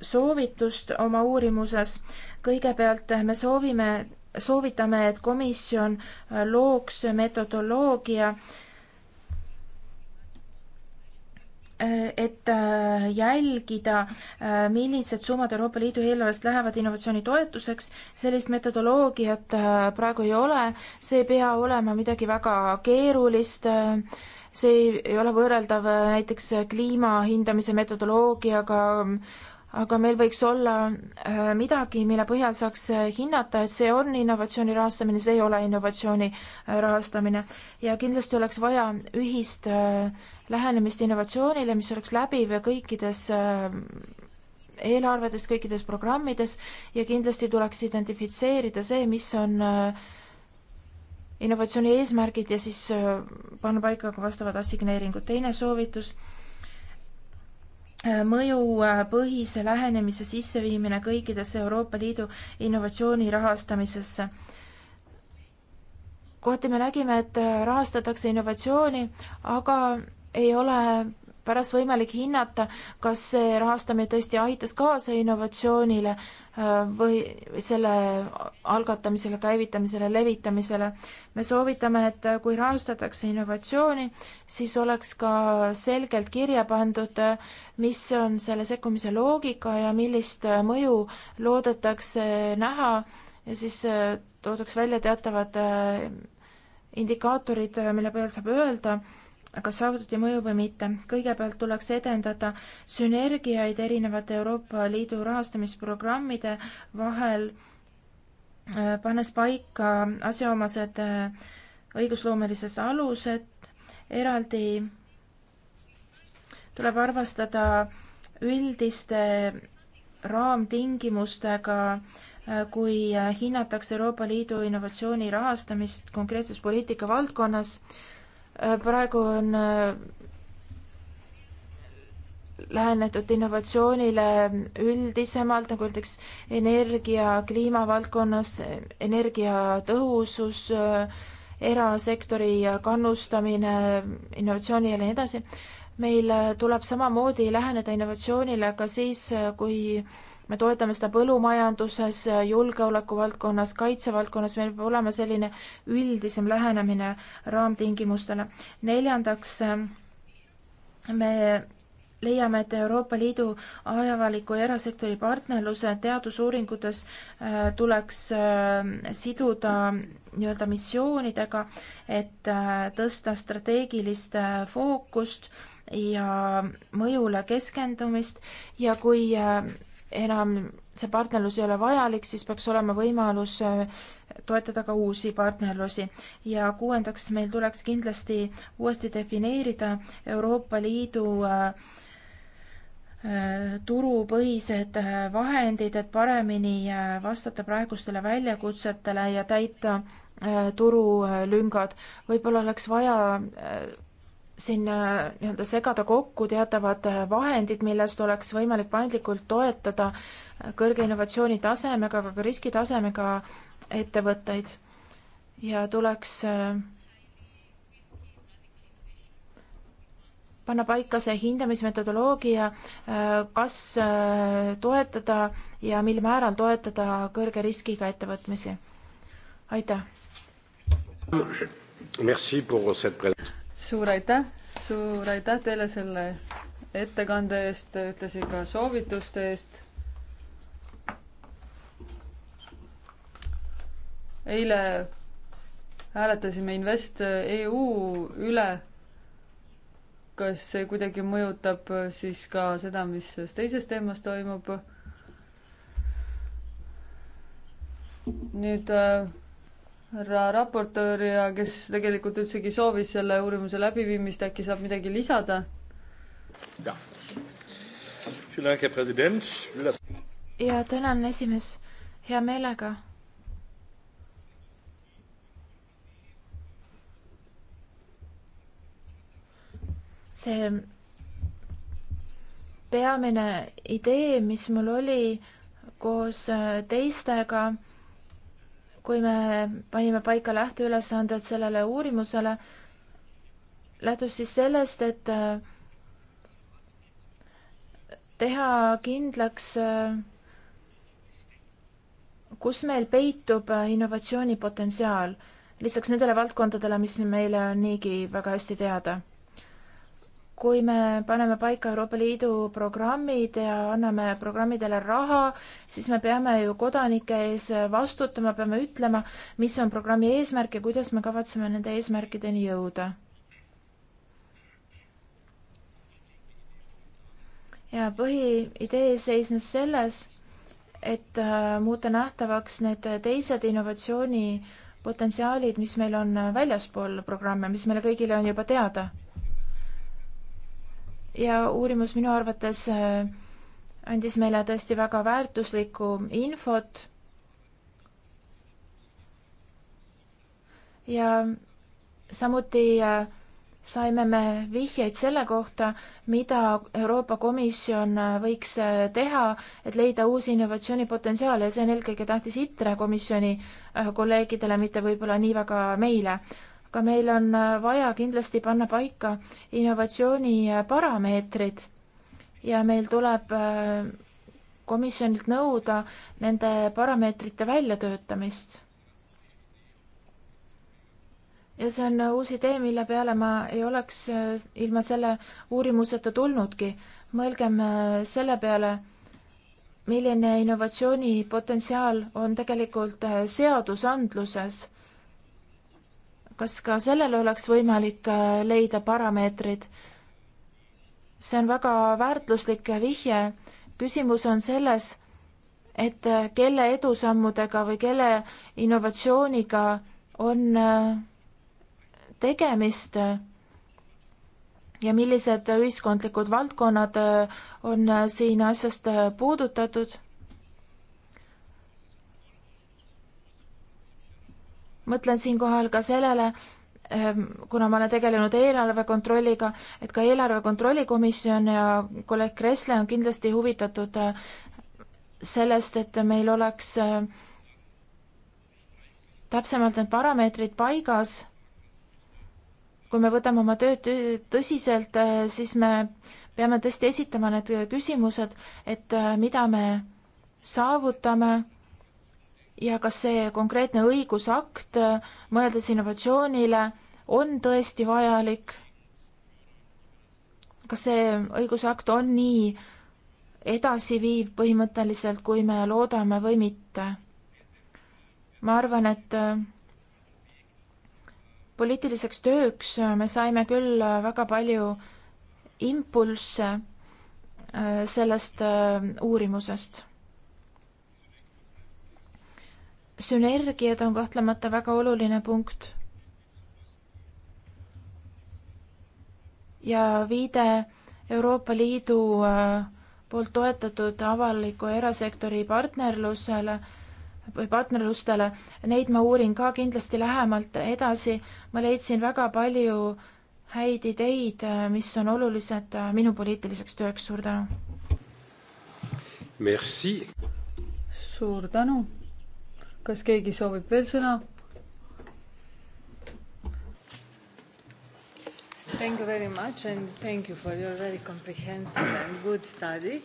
soovitust oma uurimuses. kõigepealt äh, me soovime, soovitame, et komisjon looks metodoloogia, et jälgida, millised summad Euroopa Liidu eelarvest lähevad innovatsiooni toetuseks. sellist metodoloogiat praegu ei ole, see ei pea olema midagi väga keerulist see ei, ei ole võrreldav äh, näiteks äh, kliima hindamise metodoloogiaga, aga meil võiks olla äh, midagi, mille põhjal saaks hinnata, et see on innovatsiooni rahastamine, see ei ole innovatsiooni rahastamine. ja kindlasti oleks vaja ühist lähenemist innovatsioonile, mis oleks läbiv kõikides eelarvetes, kõikides programmides ja kindlasti tuleks identifitseerida see, mis on äh, innovatsiooni eesmärgid ja siis äh, panna paika ka vastavad assigneeringud. teine soovitus, äh, mõjupõhise lähenemise sisseviimine kõikidesse Euroopa Liidu innovatsiooni rahastamisesse. kohati me nägime, et äh, rahastatakse innovatsiooni, aga ei ole pärast võimalik hinnata, kas see rahastamine tõesti aitas kaasa innovatsioonile äh, või selle algatamisele, käivitamisele, levitamisele. me soovitame, et kui rahastatakse innovatsiooni, siis oleks ka selgelt kirja pandud, mis on selle sekkumise loogika ja millist mõju loodetakse näha ja siis äh, toodaks välja teatavad äh, indikaatorid, mille peal saab öelda, kas saavutati mõju või mitte. kõigepealt tuleks edendada sünergiaid erinevate Euroopa Liidu rahastamisprogrammide vahel, äh, pannes paika asjaomased äh, õigusloomelised alused, eraldi tuleb arvestada üldiste raamtingimustega, äh, kui hinnatakse Euroopa Liidu innovatsiooni rahastamist konkreetses poliitikavaldkonnas Äh, praegu on äh, lähenetud innovatsioonile üldisemalt, nagu näiteks energia, kliima valdkonnas energiatõhusus, äh, erasektori kannustamine innovatsioonile ja nii edasi. meil tuleb samamoodi läheneda innovatsioonile ka siis, kui me toetame seda põllumajanduses, julgeoleku valdkonnas, kaitsevaldkonnas, meil peab olema selline üldisem lähenemine raamtingimustele. neljandaks, me leiame, et Euroopa Liidu avaliku ja erasektori partnerluse teadusuuringutes äh, tuleks äh, siduda nii-öelda missioonidega, et äh, tõsta strateegilist fookust ja mõjule keskendumist ja kui enam see partnerlus ei ole vajalik, siis peaks olema võimalus äh, toetada ka uusi partnerlusi. ja kuuendaks, meil tuleks kindlasti uuesti defineerida Euroopa Liidu äh, äh, turupõhised vahendid, et paremini vastata praegustele väljakutsetele ja täita turulüngad. võib-olla oleks vaja siin äh, nii-öelda segada kokku teatavad äh, vahendid, millest oleks võimalik paindlikult toetada äh, kõrge innovatsioonitasemega, aga ka riskitasemega ettevõtteid. ja tuleks panna paika see hindamismetodoloogia, kas toetada ja mil määral toetada kõrge riskiga ettevõtmisi. aitäh! suur aitäh, suur aitäh teile selle ettekande eest, ühtlasi ka soovituste eest. eile hääletasime Invest EU üle. kas see kuidagi mõjutab siis ka seda, mis teises teemas toimub? nüüd äh, härra raportöör ja kes tegelikult üldsegi soovis selle uurimuse läbiviimist, äkki saab midagi lisada? jah. ja tänan, esimees, hea meelega. see peamine idee, mis mul oli koos teistega kui me panime paika lähteülesanded sellele uurimusele, lähtus siis sellest, et äh, teha kindlaks, äh, kus meil peitub äh, innovatsioonipotentsiaal, lisaks nendele valdkondadele, mis meile on niigi väga hästi teada kui me paneme paika Euroopa Liidu programmid ja anname programmidele raha, siis me peame ju kodanike ees vastutama, peame ütlema, mis on programmi eesmärk ja kuidas me kavatseme nende eesmärkideni jõuda. ja põhiidee seisnes selles, et äh, muuta nähtavaks need teised innovatsioonipotentsiaalid, mis meil on väljaspool programme, mis meile kõigile on juba teada ja uurimus minu arvates äh, andis meile tõesti väga väärtuslikku infot. ja samuti äh, saime me vihjeid selle kohta, mida Euroopa Komisjon äh, võiks teha, et leida uusi innovatsioonipotentsiaale ja see on eelkõige tähtis ITRE komisjoni kolleegidele, mitte võib-olla nii väga meile aga meil on äh, vaja kindlasti panna paika innovatsiooniparameetrid äh, ja meil tuleb äh, komisjonilt nõuda nende parameetrite väljatöötamist. ja see on uus idee, mille peale ma ei oleks ilma selle uurimuseta tulnudki. mõelgem selle peale, milline innovatsioonipotentsiaal on tegelikult seadusandluses kas ka sellele oleks võimalik äh, leida parameetrid? see on väga väärtuslik vihje. küsimus on selles, et äh, kelle edusammudega või kelle innovatsiooniga on äh, tegemist ja millised ühiskondlikud valdkonnad on siin asjast puudutatud mõtlen siinkohal ka sellele, ehm, kuna ma olen tegelenud eelarve kontrolliga, et ka eelarve kontrollikomisjon ja kolleeg Kressle on kindlasti huvitatud eh, sellest, et meil oleks eh, täpsemalt need parameetrid paigas. kui me võtame oma tööd tõsiselt, eh, siis me peame tõesti esitama need küsimused, et mida me saavutame ja kas see konkreetne õigusakt, äh, mõeldes innovatsioonile, on tõesti vajalik? kas see õigusakt on nii edasiviiv põhimõtteliselt, kui me loodame või mitte? ma arvan, et äh, poliitiliseks tööks äh, me saime küll väga palju impulsse sellest uurimusest sünergiad on kahtlemata väga oluline punkt. ja viide Euroopa Liidu äh, poolt toetatud avaliku ja erasektori partnerlusele või partnerlustele, neid ma uurin ka kindlasti lähemalt edasi. ma leidsin väga palju häid ideid, äh, mis on olulised äh, minu poliitiliseks tööks, suur tänu! suur tänu! kas keegi soovib veel sõna? Thank you very much and thank you for your very comprehensive and good study.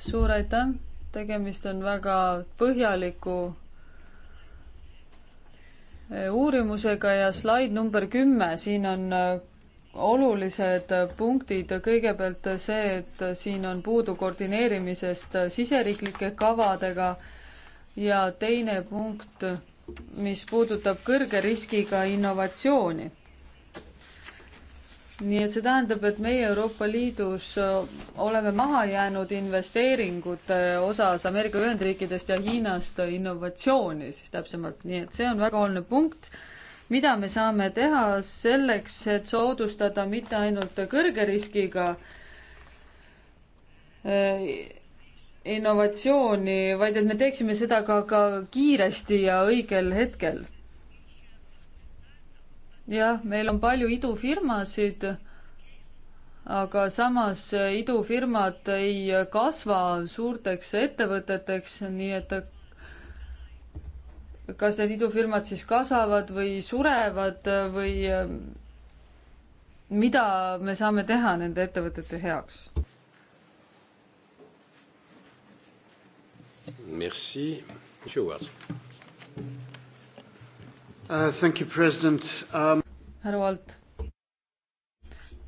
suur aitäh, tegemist on väga põhjaliku eh, uurimusega ja slaid number kümme, siin on eh, olulised eh, punktid, kõigepealt see, et siin on puudu koordineerimisest siseriiklike kavadega ja teine punkt, mis puudutab kõrge riskiga innovatsiooni. nii et see tähendab, et meie Euroopa Liidus äh, oleme maha jäänud investeeringute osas Ameerika Ühendriikidest ja Hiinast innovatsiooni siis täpsemalt, nii et see on väga oluline punkt mida me saame teha selleks, et soodustada mitte ainult kõrge riskiga äh, innovatsiooni, vaid et me teeksime seda ka, ka kiiresti ja õigel hetkel. jah, meil on palju idufirmasid, aga samas idufirmad ei kasva suurteks ettevõteteks, nii et kas need idufirmad siis kasvavad või surevad või mida me saame teha nende ettevõtete heaks? Merci. Monsieur Ward. Uh, thank you, president um.... härra Alt.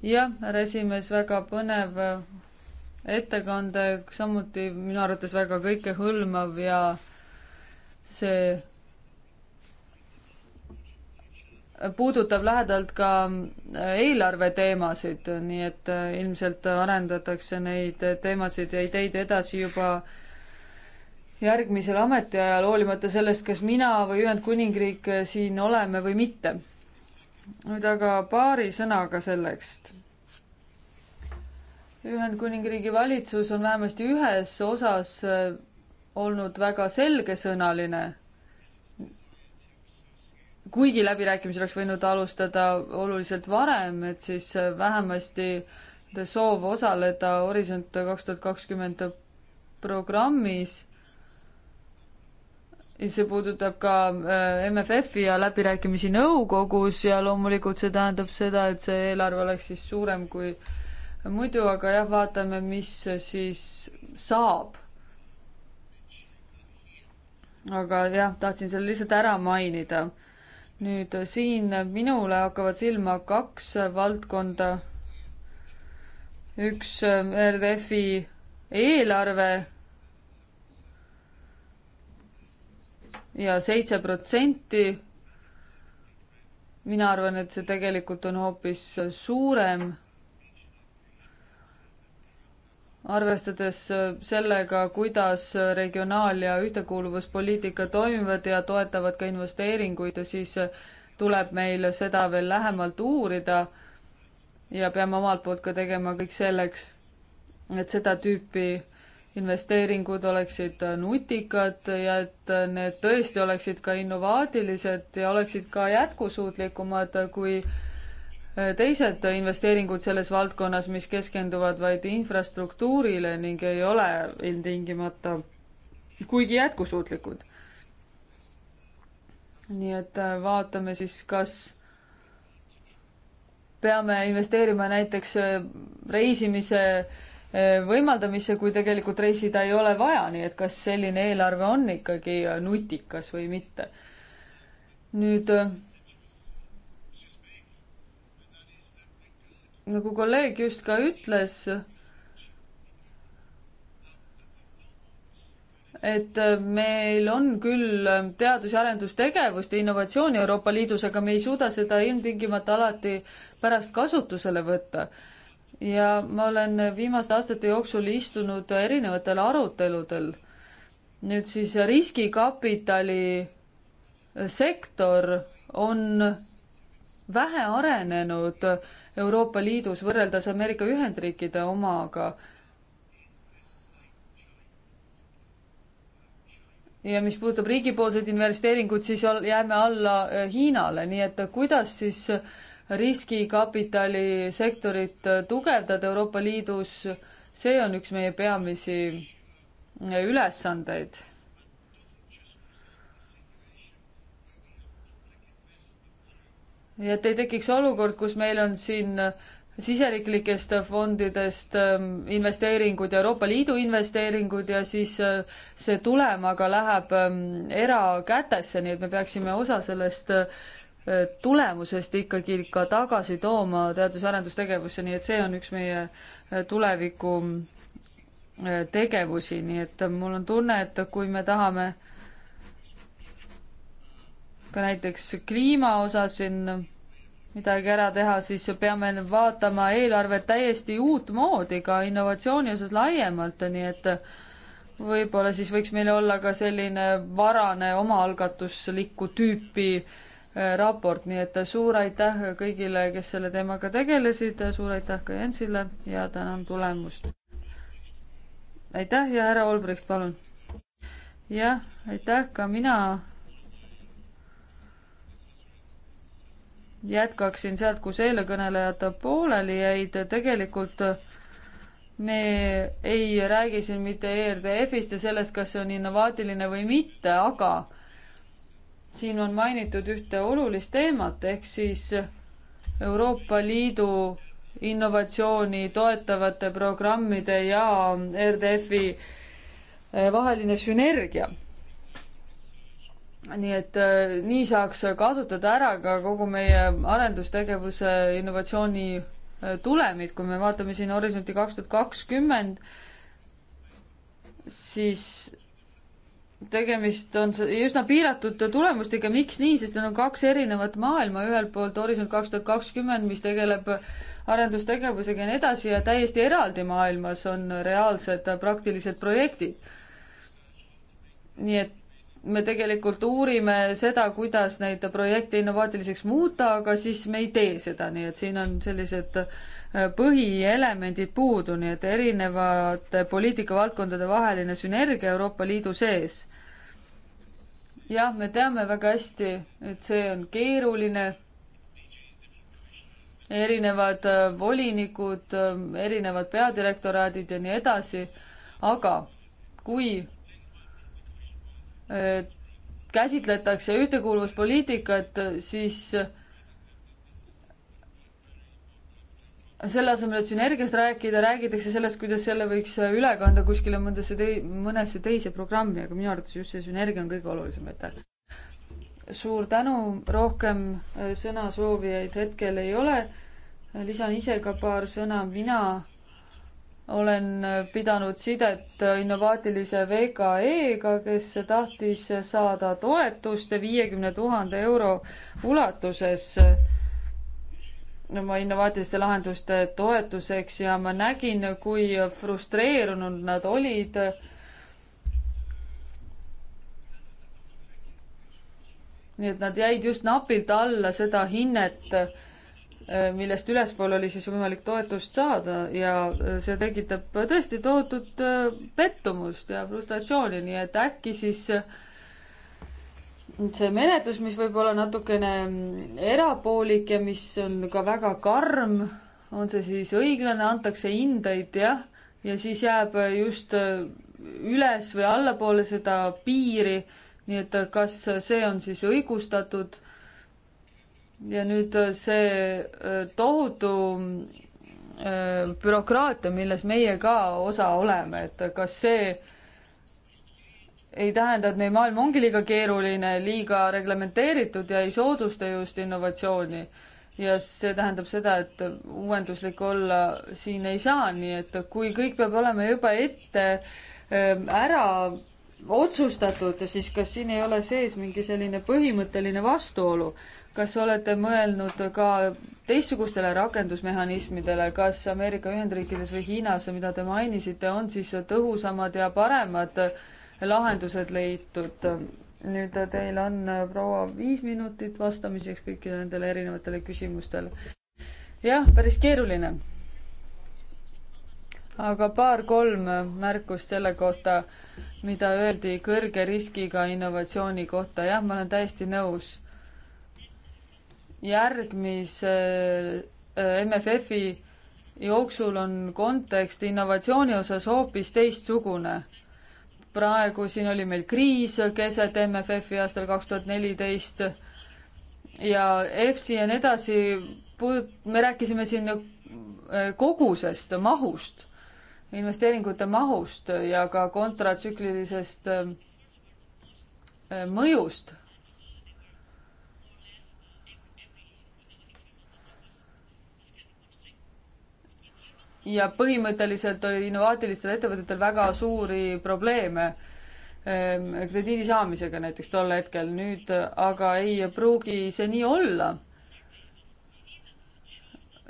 jah, härra esimees, väga põnev äh, ettekande, samuti minu arvates väga kõikehõlmav ja see puudutab lähedalt ka äh, eelarveteemasid, nii et äh, ilmselt arendatakse neid teemasid ja ideid edasi juba järgmisel ametiajal, hoolimata sellest, kas mina või Ühendkuningriik eh, siin oleme või mitte. nüüd aga paari sõnaga sellest. Ühendkuningriigi valitsus on vähemasti ühes osas eh, olnud väga selgesõnaline kuigi läbirääkimisi oleks võinud alustada oluliselt varem, et siis eh, vähemasti soov osaleda Horisont kaks tuhat kakskümmend programmis see puudutab ka äh, MFF-i ja läbirääkimisi nõukogus ja loomulikult see tähendab seda, et see eelarve oleks siis suurem kui muidu, aga jah, vaatame, mis siis saab. aga jah, tahtsin selle lihtsalt ära mainida. nüüd siin minule hakkavad silma kaks valdkonda. üks äh, RDF-i eelarve ja seitse protsenti. mina arvan, et see tegelikult on hoopis suurem. arvestades sellega, kuidas regionaal- ja ühtekuuluvuspoliitika toimivad ja toetavad ka investeeringuid, siis tuleb meil seda veel lähemalt uurida ja peame omalt poolt ka tegema kõik selleks, et seda tüüpi investeeringud oleksid nutikad ja et need tõesti oleksid ka innovaatilised ja oleksid ka jätkusuutlikumad kui teised investeeringud selles valdkonnas, mis keskenduvad vaid infrastruktuurile ning ei ole ilmtingimata kuigi jätkusuutlikud. nii et äh, vaatame siis, kas peame investeerima näiteks äh, reisimise Äh, võimaldamisse, kui tegelikult reisida ei ole vaja, nii et kas selline eelarve on ikkagi äh, nutikas või mitte. nüüd äh, nagu kolleeg just ka ütles, et meil on küll teadus- ja arendustegevust ja innovatsiooni Euroopa Liidus, aga me ei suuda seda ilmtingimata alati pärast kasutusele võtta ja ma olen viimaste aastate jooksul istunud erinevatel aruteludel. nüüd siis riskikapitali sektor on vähe arenenud Euroopa Liidus võrreldes Ameerika Ühendriikide omaga. ja mis puudutab riigipoolseid investeeringuid, siis jääme alla Hiinale, nii et kuidas siis äh, riskikapitalisektorit tugevdada Euroopa Liidus, see on üks meie peamisi ülesandeid ja et ei tekiks olukord, kus meil on siin siseriiklikest fondidest ähm, investeeringud ja Euroopa Liidu investeeringud ja siis äh, see tulem aga läheb ähm, erakätesse, nii et me peaksime osa sellest äh, tulemusest ikkagi ka tagasi tooma teadus- ja arendustegevusse, nii et see on üks meie tuleviku tegevusi, nii et mul on tunne, et kui me tahame ka näiteks kliima osas siin midagi ära teha, siis peame vaatama eelarvet täiesti uutmoodi ka innovatsiooni osas laiemalt, nii et võib-olla siis võiks meil olla ka selline varane omaalgatuslikku tüüpi äh, Äh, raport, nii et suur aitäh kõigile, kes selle teemaga tegelesid, suur aitäh ka Jensile ja tänan tulemust. aitäh ja härra Olbricht, palun. jah, aitäh ka mina. jätkaksin sealt, kus eelkõnelejad pooleli jäid, tegelikult me ei räägi siin mitte ERDF-ist ja sellest, kas see on innovaatiline või mitte, aga siin on mainitud ühte olulist teemat, ehk siis Euroopa Liidu innovatsiooni toetavate programmide ja RDF-i eh, vaheline sünergia. nii et eh, nii saaks kasutada ära ka kogu meie arendustegevuse innovatsiooni eh, tulemit, kui me vaatame siin Horisonti kaks tuhat kakskümmend, siis tegemist on üsna piiratud tulemustega, miks nii, sest need on kaks erinevat maailma, ühelt poolt Horisont kaks tuhat kakskümmend, mis tegeleb arendustegevusega ja nii edasi ja täiesti eraldi maailmas on reaalsed praktilised projektid. nii et me tegelikult uurime seda, kuidas neid projekte innovaatiliseks muuta, aga siis me ei tee seda, nii et siin on sellised äh, Äh, põhielemendid puudu, nii et erinevate poliitikavaldkondade vaheline sünergia Euroopa Liidu sees. jah, me teame väga hästi, et see on keeruline, erinevad äh, volinikud, äh, erinevad peadirektoraadid ja nii edasi, aga kui käsitletakse ühtekuuluvuspoliitikat, siis selle asemel, et sünergiast rääkida, räägitakse sellest, kuidas selle võiks äh, üle kanda kuskile mõndasse tei-, mõnesse teise programmi, aga minu arvates just see sünergia on kõige olulisem, aitäh. suur tänu, rohkem äh, sõnasoovijaid hetkel ei ole. lisan ise ka paar sõna, mina olen äh, pidanud sidet innovaatilise VKE-ga, kes tahtis saada toetust viiekümne tuhande euro ulatuses oma innovaatiliste lahenduste toetuseks ja ma nägin, kui frustreerunud nad olid. nii et nad jäid just napilt alla seda hinnet, millest ülespool oli siis võimalik toetust saada ja see tekitab tõesti tohutut pettumust ja frustratsiooni, nii et äkki siis äh, see menetlus, mis võib olla natukene mm, erapoolik ja mis on ka väga karm, on see siis õiglane, antakse hindeid jah, ja siis jääb just äh, üles või allapoole seda piiri, nii et äh, kas see on siis õigustatud. ja nüüd äh, see tohutu bürokraatia, milles meie ka osa oleme, et kas see ei tähenda, et meie maailm ongi liiga keeruline, liiga reglementeeritud ja ei soodusta just innovatsiooni. ja see tähendab seda, et uuenduslik olla siin ei saa, nii et kui kõik peab olema juba ette ähm, ära otsustatud, siis kas siin ei ole sees mingi selline põhimõtteline vastuolu? kas olete mõelnud ka teistsugustele rakendusmehhanismidele, kas Ameerika Ühendriikides või Hiinas, mida te mainisite, on siis tõhusamad ja paremad äh, lahendused leitud. nüüd teil on äh, proua viis minutit vastamiseks kõikidele nendele erinevatele küsimustele. jah, päris keeruline. aga paar-kolm märkust selle kohta, mida öeldi kõrge riskiga innovatsiooni kohta, jah, ma olen täiesti nõus. järgmise äh, MFF-i jooksul on kontekst innovatsiooni osas hoopis teistsugune praegu siin oli meil kriis keset MFF-i aastal kaks tuhat neliteist ja EFSI ja nii edasi, me rääkisime siin äh, kogusest, mahust, investeeringute mahust ja ka kontratsüklilisest äh, äh, mõjust ja põhimõtteliselt oli innovaatilistel ettevõtetel väga suuri probleeme ehm, krediidi saamisega näiteks tol hetkel, nüüd aga ei pruugi see nii olla.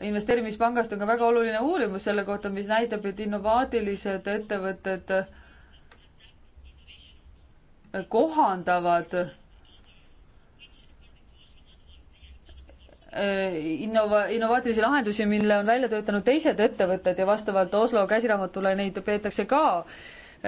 investeerimispangast on ka väga oluline uurimus selle kohta, mis näitab, et innovaatilised ettevõtted kohandavad Äh, innova-, innovaatilisi lahendusi, mille on välja töötanud teised ettevõtted ja vastavalt Oslo käsiraamatule neid peetakse ka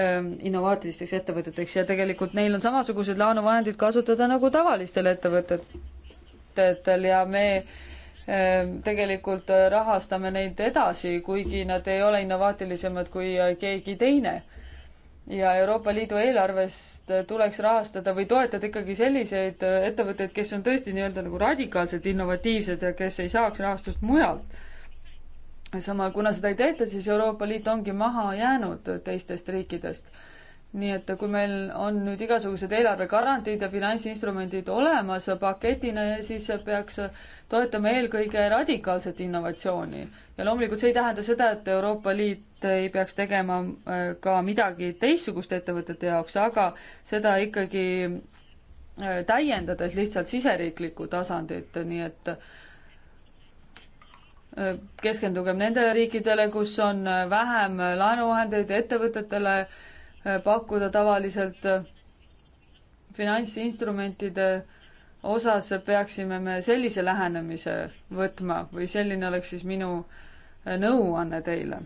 ähm, innovaatilisteks ettevõteteks ja tegelikult neil on samasugused laenuvahendid kasutada nagu tavalistel ettevõtetel ja me ähm, tegelikult rahastame neid edasi, kuigi nad ei ole innovaatilisemad kui keegi teine ja Euroopa Liidu eelarvest tuleks rahastada või toetada ikkagi selliseid äh, ettevõtteid, kes on tõesti nii-öelda nagu radikaalselt innovatiivsed ja kes ei saaks rahastust mujalt. samal, kuna seda ei tehta, siis Euroopa Liit ongi maha jäänud teistest riikidest nii et kui meil on nüüd igasugused eelarvegarantiid ja finantsinstrumendid olemas paketina, siis peaks toetama eelkõige radikaalset innovatsiooni. ja loomulikult see ei tähenda seda, et Euroopa Liit ei peaks tegema äh, ka midagi teistsugust ettevõtete jaoks, aga seda ikkagi äh, täiendades lihtsalt siseriiklikku tasandit, nii et äh, keskendugem nendele riikidele, kus on vähem laenuvahendeid ettevõtetele, Äh, pakkuda tavaliselt äh, finantsinstrumentide osas peaksime me sellise lähenemise võtma või selline oleks siis minu äh, nõuanne teile.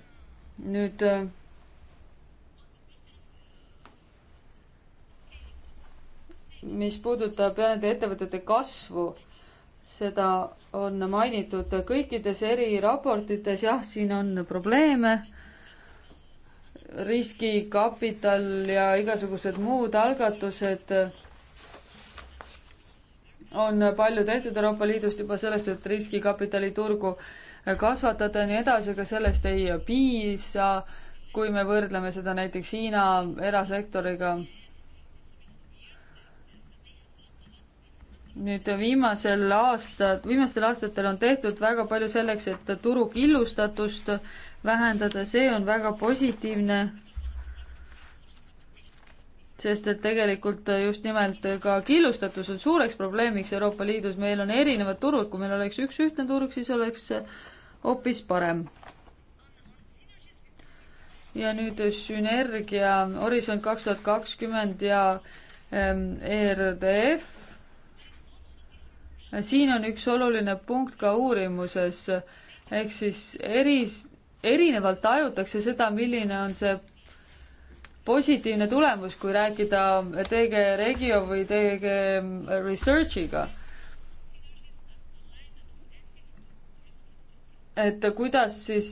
nüüd mis puudutab nende ettevõtete kasvu, seda on mainitud kõikides eri raportites, jah, siin on probleeme riskikapital ja igasugused muud algatused on palju tehtud Euroopa Liidust juba sellest, et riskikapitali turgu kasvatada ja nii edasi, aga sellest ei piisa, kui me võrdleme seda näiteks Hiina erasektoriga. nüüd viimasel aastal, viimastel aastatel on tehtud väga palju selleks, et turu killustatust äh, vähendada, see on väga positiivne, sest et tegelikult just nimelt ka killustatus on suureks probleemiks Euroopa Liidus, meil on erinevad turud, kui meil oleks üks ühtne turg, siis oleks hoopis parem. ja nüüd sünergia Horisont kaks tuhat kakskümmend ja ähm, ERDF. siin on üks oluline punkt ka uurimuses, ehk siis eris, erinevalt tajutakse seda, milline on see positiivne tulemus, kui rääkida TG Regio või TG Researchiga. et kuidas siis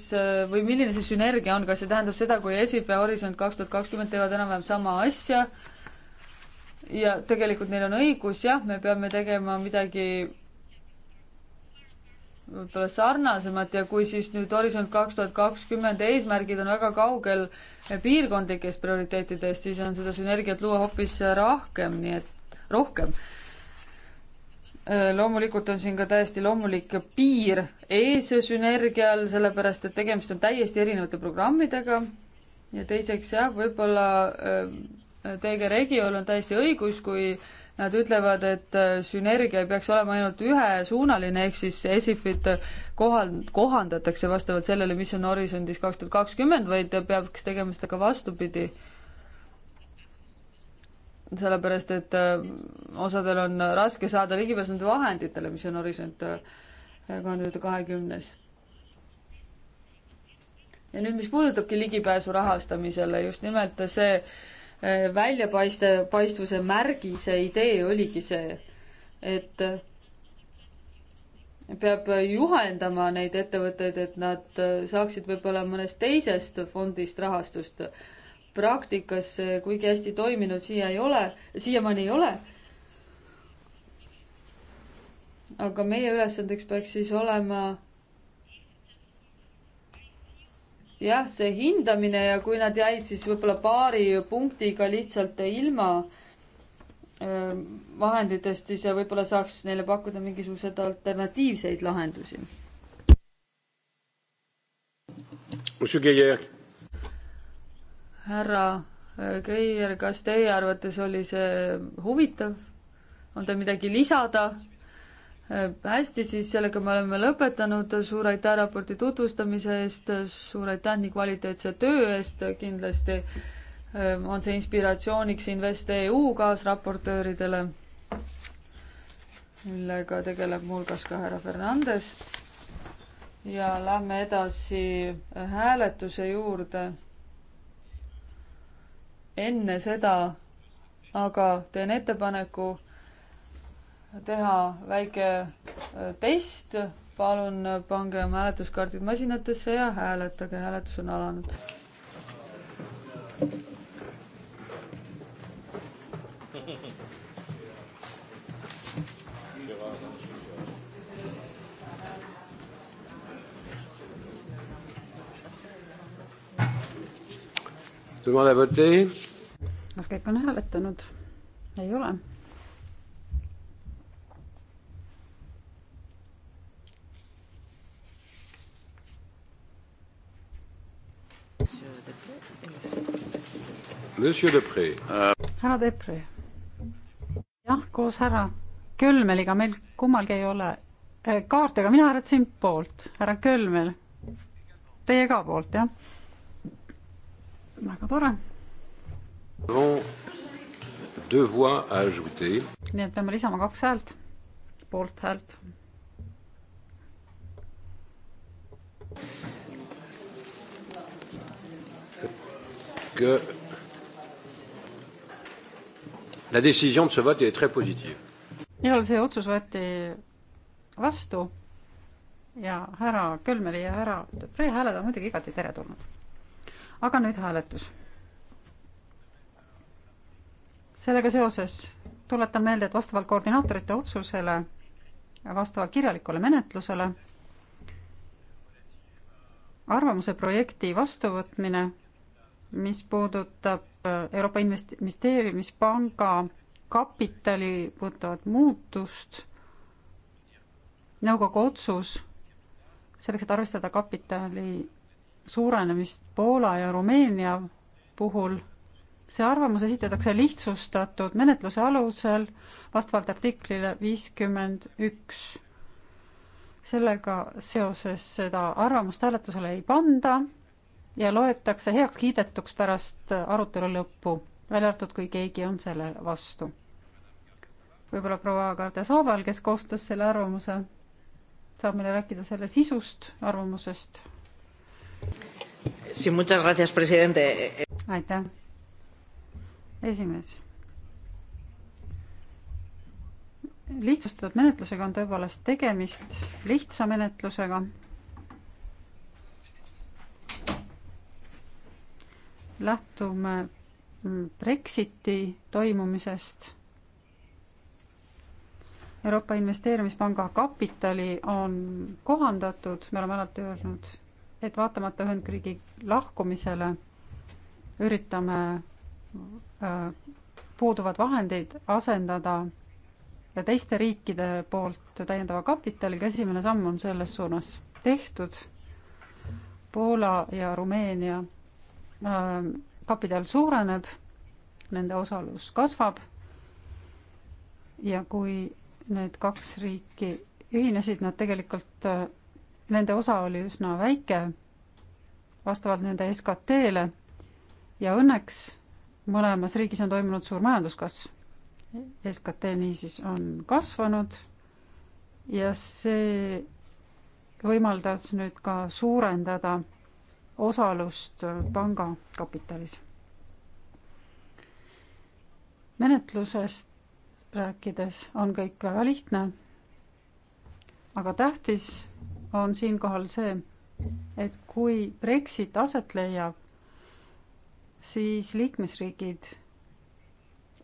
või milline see sünergia on, kas see tähendab seda, kui ESIF ja Horisont kaks tuhat kakskümmend teevad enam-vähem sama asja ja tegelikult neil on õigus, jah, me peame tegema midagi võib-olla sarnasemad ja kui siis nüüd Horisont kaks tuhat kakskümmend eesmärgid on väga kaugel piirkondlikest prioriteetidest, siis on seda sünergiat luua hoopis rohkem, nii et rohkem. loomulikult on siin ka täiesti loomulik piir ees sünergial, sellepärast et tegemist on täiesti erinevate programmidega. ja teiseks jah, võib-olla äh, äh, TG Regiool on täiesti õigus, kui äh, Nad ütlevad, et äh, sünergia ei peaks olema ainult ühesuunaline, ehk siis ESIF-it äh, kohal, kohandatakse vastavalt sellele, mis on horisondis kaks tuhat kakskümmend, vaid peaks tegema seda ka vastupidi. sellepärast, et äh, osadel on raske saada ligipääsu nende vahenditele, mis on horisont kahe tuhande kahekümnes ja nüüd, mis puudutabki ligipääsu rahastamisele, just nimelt see väljapaiste, paistvuse märgise idee oligi see, et peab juhendama neid ettevõtteid, et nad saaksid võib-olla mõnest teisest fondist rahastust. praktikas see kuigi hästi toiminud siia ei ole, siiamaani ei ole. aga meie ülesandeks peaks siis olema jah, see hindamine ja kui nad jäid siis võib-olla paari punktiga lihtsalt ilma ähm, vahenditest, siis võib-olla saaks neile pakkuda mingisuguseid alternatiivseid lahendusi. härra Keier, äh, kas teie arvates oli see huvitav? on teil midagi lisada? Äh, hästi, siis sellega me oleme lõpetanud, suur aitäh raporti tutvustamise eest, suur aitäh nii kvaliteetse töö eest, kindlasti ähm, on see inspiratsiooniks InvestEU kaasraportööridele, millega tegeleb muuhulgas ka härra Fernandes. ja lähme edasi äh, hääletuse juurde. enne seda aga teen ettepaneku teha väike äh, test, palun äh, pange oma hääletuskaardid masinatesse ja hääletage, hääletus on alanud. kas kõik on hääletanud? ei ole härra Depre. jah, koos härra Kölmeliga meil kummalgi ei ole äh, kaarte, aga mina hääletasin poolt, härra Kölmel. Teie ka poolt, jah? väga tore. nii et peame lisama kaks häält, poolt häält. que La décision de ce vote est très positive. minul see otsus võeti vastu ja härra Kölmeli ja härra Free hääled on muidugi igati teretulnud. aga nüüd hääletus. sellega seoses tuletan meelde, et vastavalt koordinaatorite otsusele, vastavalt kirjalikule menetlusele, arvamuse projekti vastuvõtmine, mis puudutab Euroopa Investeerimispanga kapitali puudutavat muutust, nõukogu otsus selleks, et arvestada kapitali suurenemist Poola ja Rumeenia puhul, see arvamus esitatakse lihtsustatud menetluse alusel vastavalt artiklile viiskümmend üks. sellega seoses seda arvamust hääletusele ei panda ja loetakse heaks kiidetuks pärast arutelu lõppu, välja arvatud, kui keegi on selle vastu. võib-olla proua Agarde Sooval, kes koostas selle arvamuse, saab meile rääkida selle sisust, arvamusest. aitäh, esimees. lihtsustatud menetlusega on tõepoolest tegemist lihtsa menetlusega lähtume mm, Brexiti toimumisest. Euroopa Investeerimispanga kapitali on kohandatud, me oleme alati öelnud, et vaatamata Ühendkriigi lahkumisele üritame äh, puuduvad vahendid asendada ja teiste riikide poolt täiendava kapitaliga, esimene samm on selles suunas tehtud. Poola ja Rumeenia kapital suureneb, nende osalus kasvab ja kui need kaks riiki ühinesid, nad tegelikult, äh, nende osa oli üsna väike vastavalt nende SKT-le ja õnneks mõlemas riigis on toimunud suur majanduskasv. SKT niisiis on kasvanud ja see võimaldas nüüd ka suurendada osalust panga kapitalis. menetlusest rääkides on kõik väga lihtne. aga tähtis on siinkohal see, et kui Brexit aset leiab, siis liikmesriigid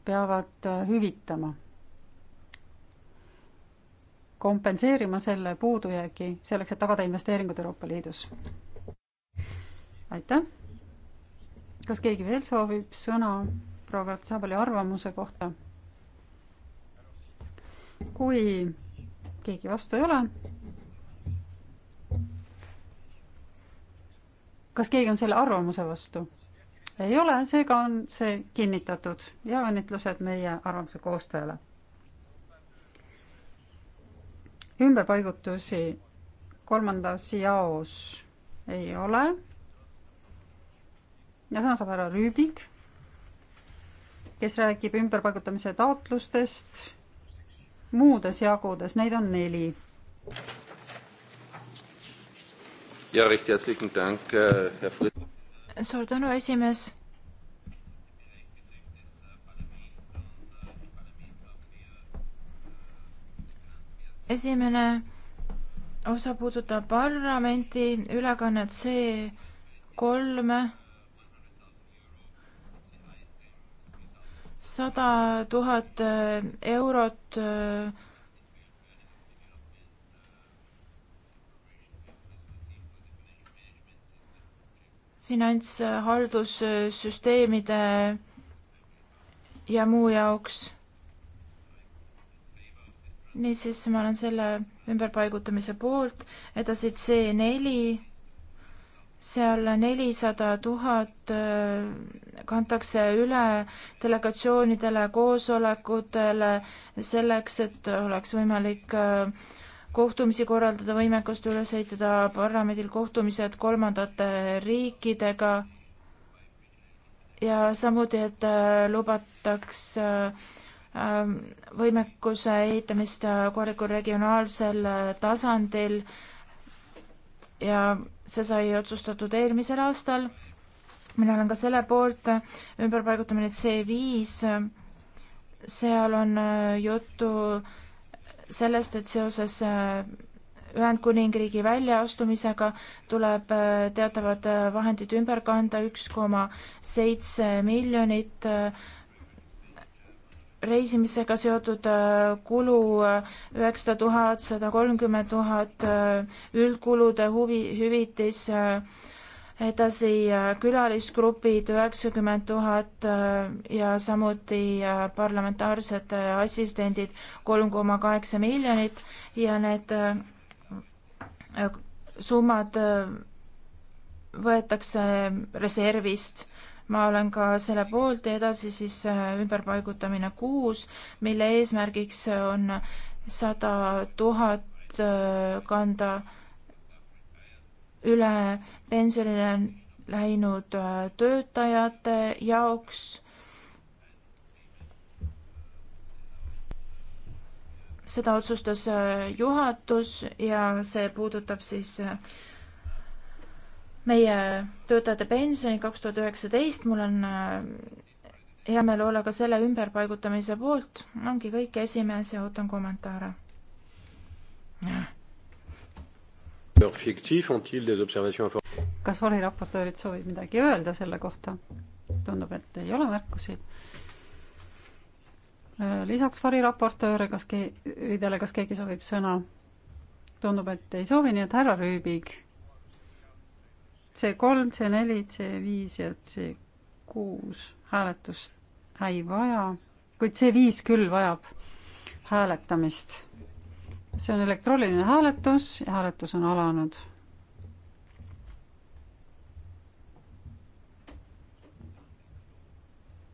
peavad hüvitama, kompenseerima selle puudujäägi selleks, et tagada investeeringud Euroopa Liidus aitäh. kas keegi veel soovib sõna proua Kratsabali arvamuse kohta? kui keegi vastu ei ole. kas keegi on selle arvamuse vastu? ei ole, seega on see kinnitatud ja õnnitlused meie arvamuse koostajale. ümberpaigutusi kolmandas jaos ei ole ja sõna saab härra Rüübik, kes räägib ümberpaigutamise taotlustest muudes jagudes, neid on neli. ja, recht herzlichen Dank, äh, Herr Fritz. suur tänu, esimees esimene osa puudutab parlamenti ülekannet C kolme sada tuhat äh, eurot äh, finantshaldussüsteemide ja muu jaoks. niisiis, ma olen selle ümberpaigutamise poolt, edasi C neli seal nelisada tuhat äh, kantakse üle delegatsioonidele, koosolekutele, selleks, et oleks võimalik äh, kohtumisi korraldada, võimekust üles ehitada, parlamendil kohtumised kolmandate riikidega ja samuti, et äh, lubataks võimekuse ehitamist kohalikul regionaalsel tasandil ja see sai otsustatud eelmisel aastal. mina olen ka selle poolt, ümberpaigutamine C5, seal on äh, juttu sellest, et seoses äh, Ühendkuningriigi väljaastumisega tuleb äh, teatavad vahendid ümber kanda, üks koma seitse miljonit reisimisega seotud äh, kulu äh, üheksasada tuhat, sada kolmkümmend tuhat, äh, üldkulude huvi, hüvitis, edasi külalisgrupid üheksakümmend tuhat ja samuti parlamentaarsed assistendid kolm koma kaheksa miljonit ja need summad võetakse reservist ma olen ka selle poolt ja edasi siis äh, ümberpaigutamine kuus, mille eesmärgiks on sada tuhat äh, kanda üle pensionile läinud äh, töötajate jaoks. seda otsustas juhatus ja see puudutab siis äh, meie töötajate pensioni kaks tuhat üheksateist, mul on äh, hea meel olla ka selle ümberpaigutamise poolt, ongi kõik, esimees, ja ootan kommentaare. kas variraportöörid soovivad midagi öelda selle kohta? tundub, et ei ole märkusi. Äh, lisaks variraportööre, kas ke-, ridele, kas keegi soovib sõna? tundub, et ei soovi, nii et härra Rüübik C kolm, C neli, C viis ja C kuus hääletust ei vaja, kuid C viis küll vajab hääletamist. see on elektrooniline hääletus ja hääletus on alanud.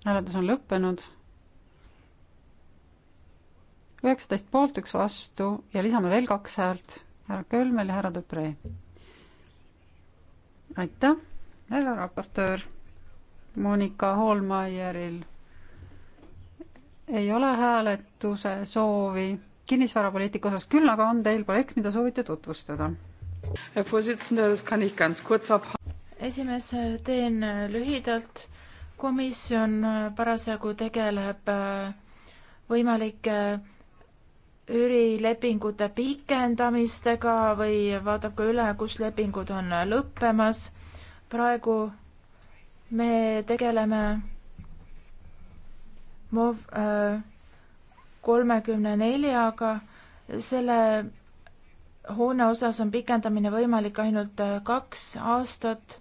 hääletus on lõppenud üheksateist poolt, üks vastu ja lisame veel kaks häält, härra Kölmel ja härra Dupree aitäh, härra raportöör Monika Holmaieril ei ole hääletuse soovi kinnisvarapoliitika osas, küll aga on teil projekt, mida soovite tutvustada. esimees, teen lühidalt. komisjon parasjagu tegeleb äh, võimalike üürilepingute pikendamistega või vaatab ka üle, kus lepingud on lõppemas. praegu me tegeleme MOV äh, kolmekümne neljaga, selle hoone osas on pikendamine võimalik ainult äh, kaks aastat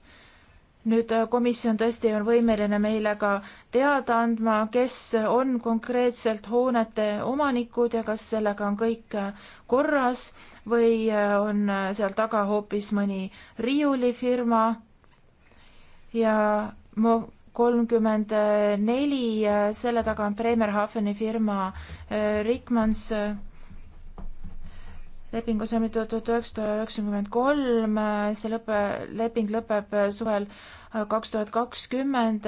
nüüd äh, komisjon tõesti on võimeline meile ka teada andma, kes on konkreetselt hoonete omanikud ja kas sellega on kõik äh, korras või äh, on seal taga hoopis mõni riiulifirma ja mu kolmkümmend neli, selle taga on Bremerhaveni firma Rickmans leping on sõlmitud tuhat üheksasada üheksakümmend kolm, see lõpe, leping lõpeb suvel kaks tuhat kakskümmend,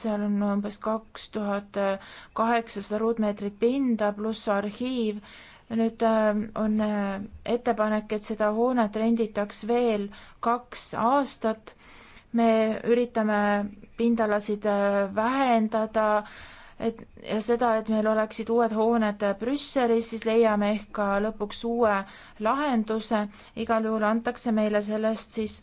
seal on umbes kaks tuhat kaheksasada ruutmeetrit pinda pluss arhiiv. nüüd äh, on äh, ettepanek, et seda hoonet renditaks veel kaks aastat. me üritame pindalasid äh, vähendada et ja seda, et meil oleksid uued hooned Brüsselis, siis leiame ehk ka lõpuks uue lahenduse. igal juhul antakse meile sellest siis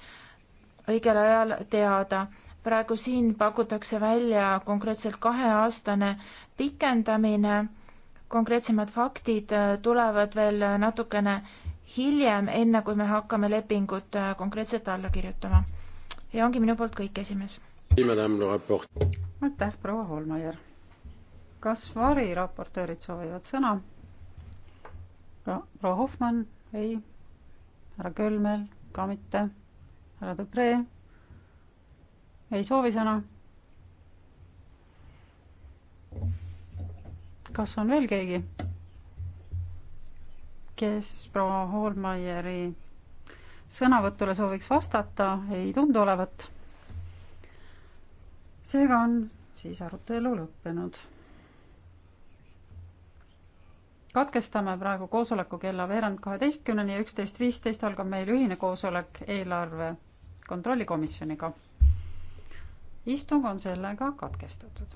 õigel ajal teada. praegu siin pakutakse välja konkreetselt kaheaastane pikendamine. konkreetsemad faktid äh, tulevad veel natukene hiljem, enne kui me hakkame lepingut äh, konkreetselt alla kirjutama. ja ongi minu poolt kõik, esimees. aitäh, proua Holmajärv kas variraportöörid soovivad sõna? proua Hoffmann, ei. härra Kölmel, ka mitte. härra Dupree, ei soovi sõna. kas on veel keegi, kes proua Hoolmeieri sõnavõtule sooviks vastata, ei tundu olevat. seega on siis arutelu lõppenud katkestame praegu koosoleku kella veerand kaheteistkümneni ja üksteist viisteist algab meil ühine koosolek eelarve kontrollikomisjoniga. istung on sellega katkestatud.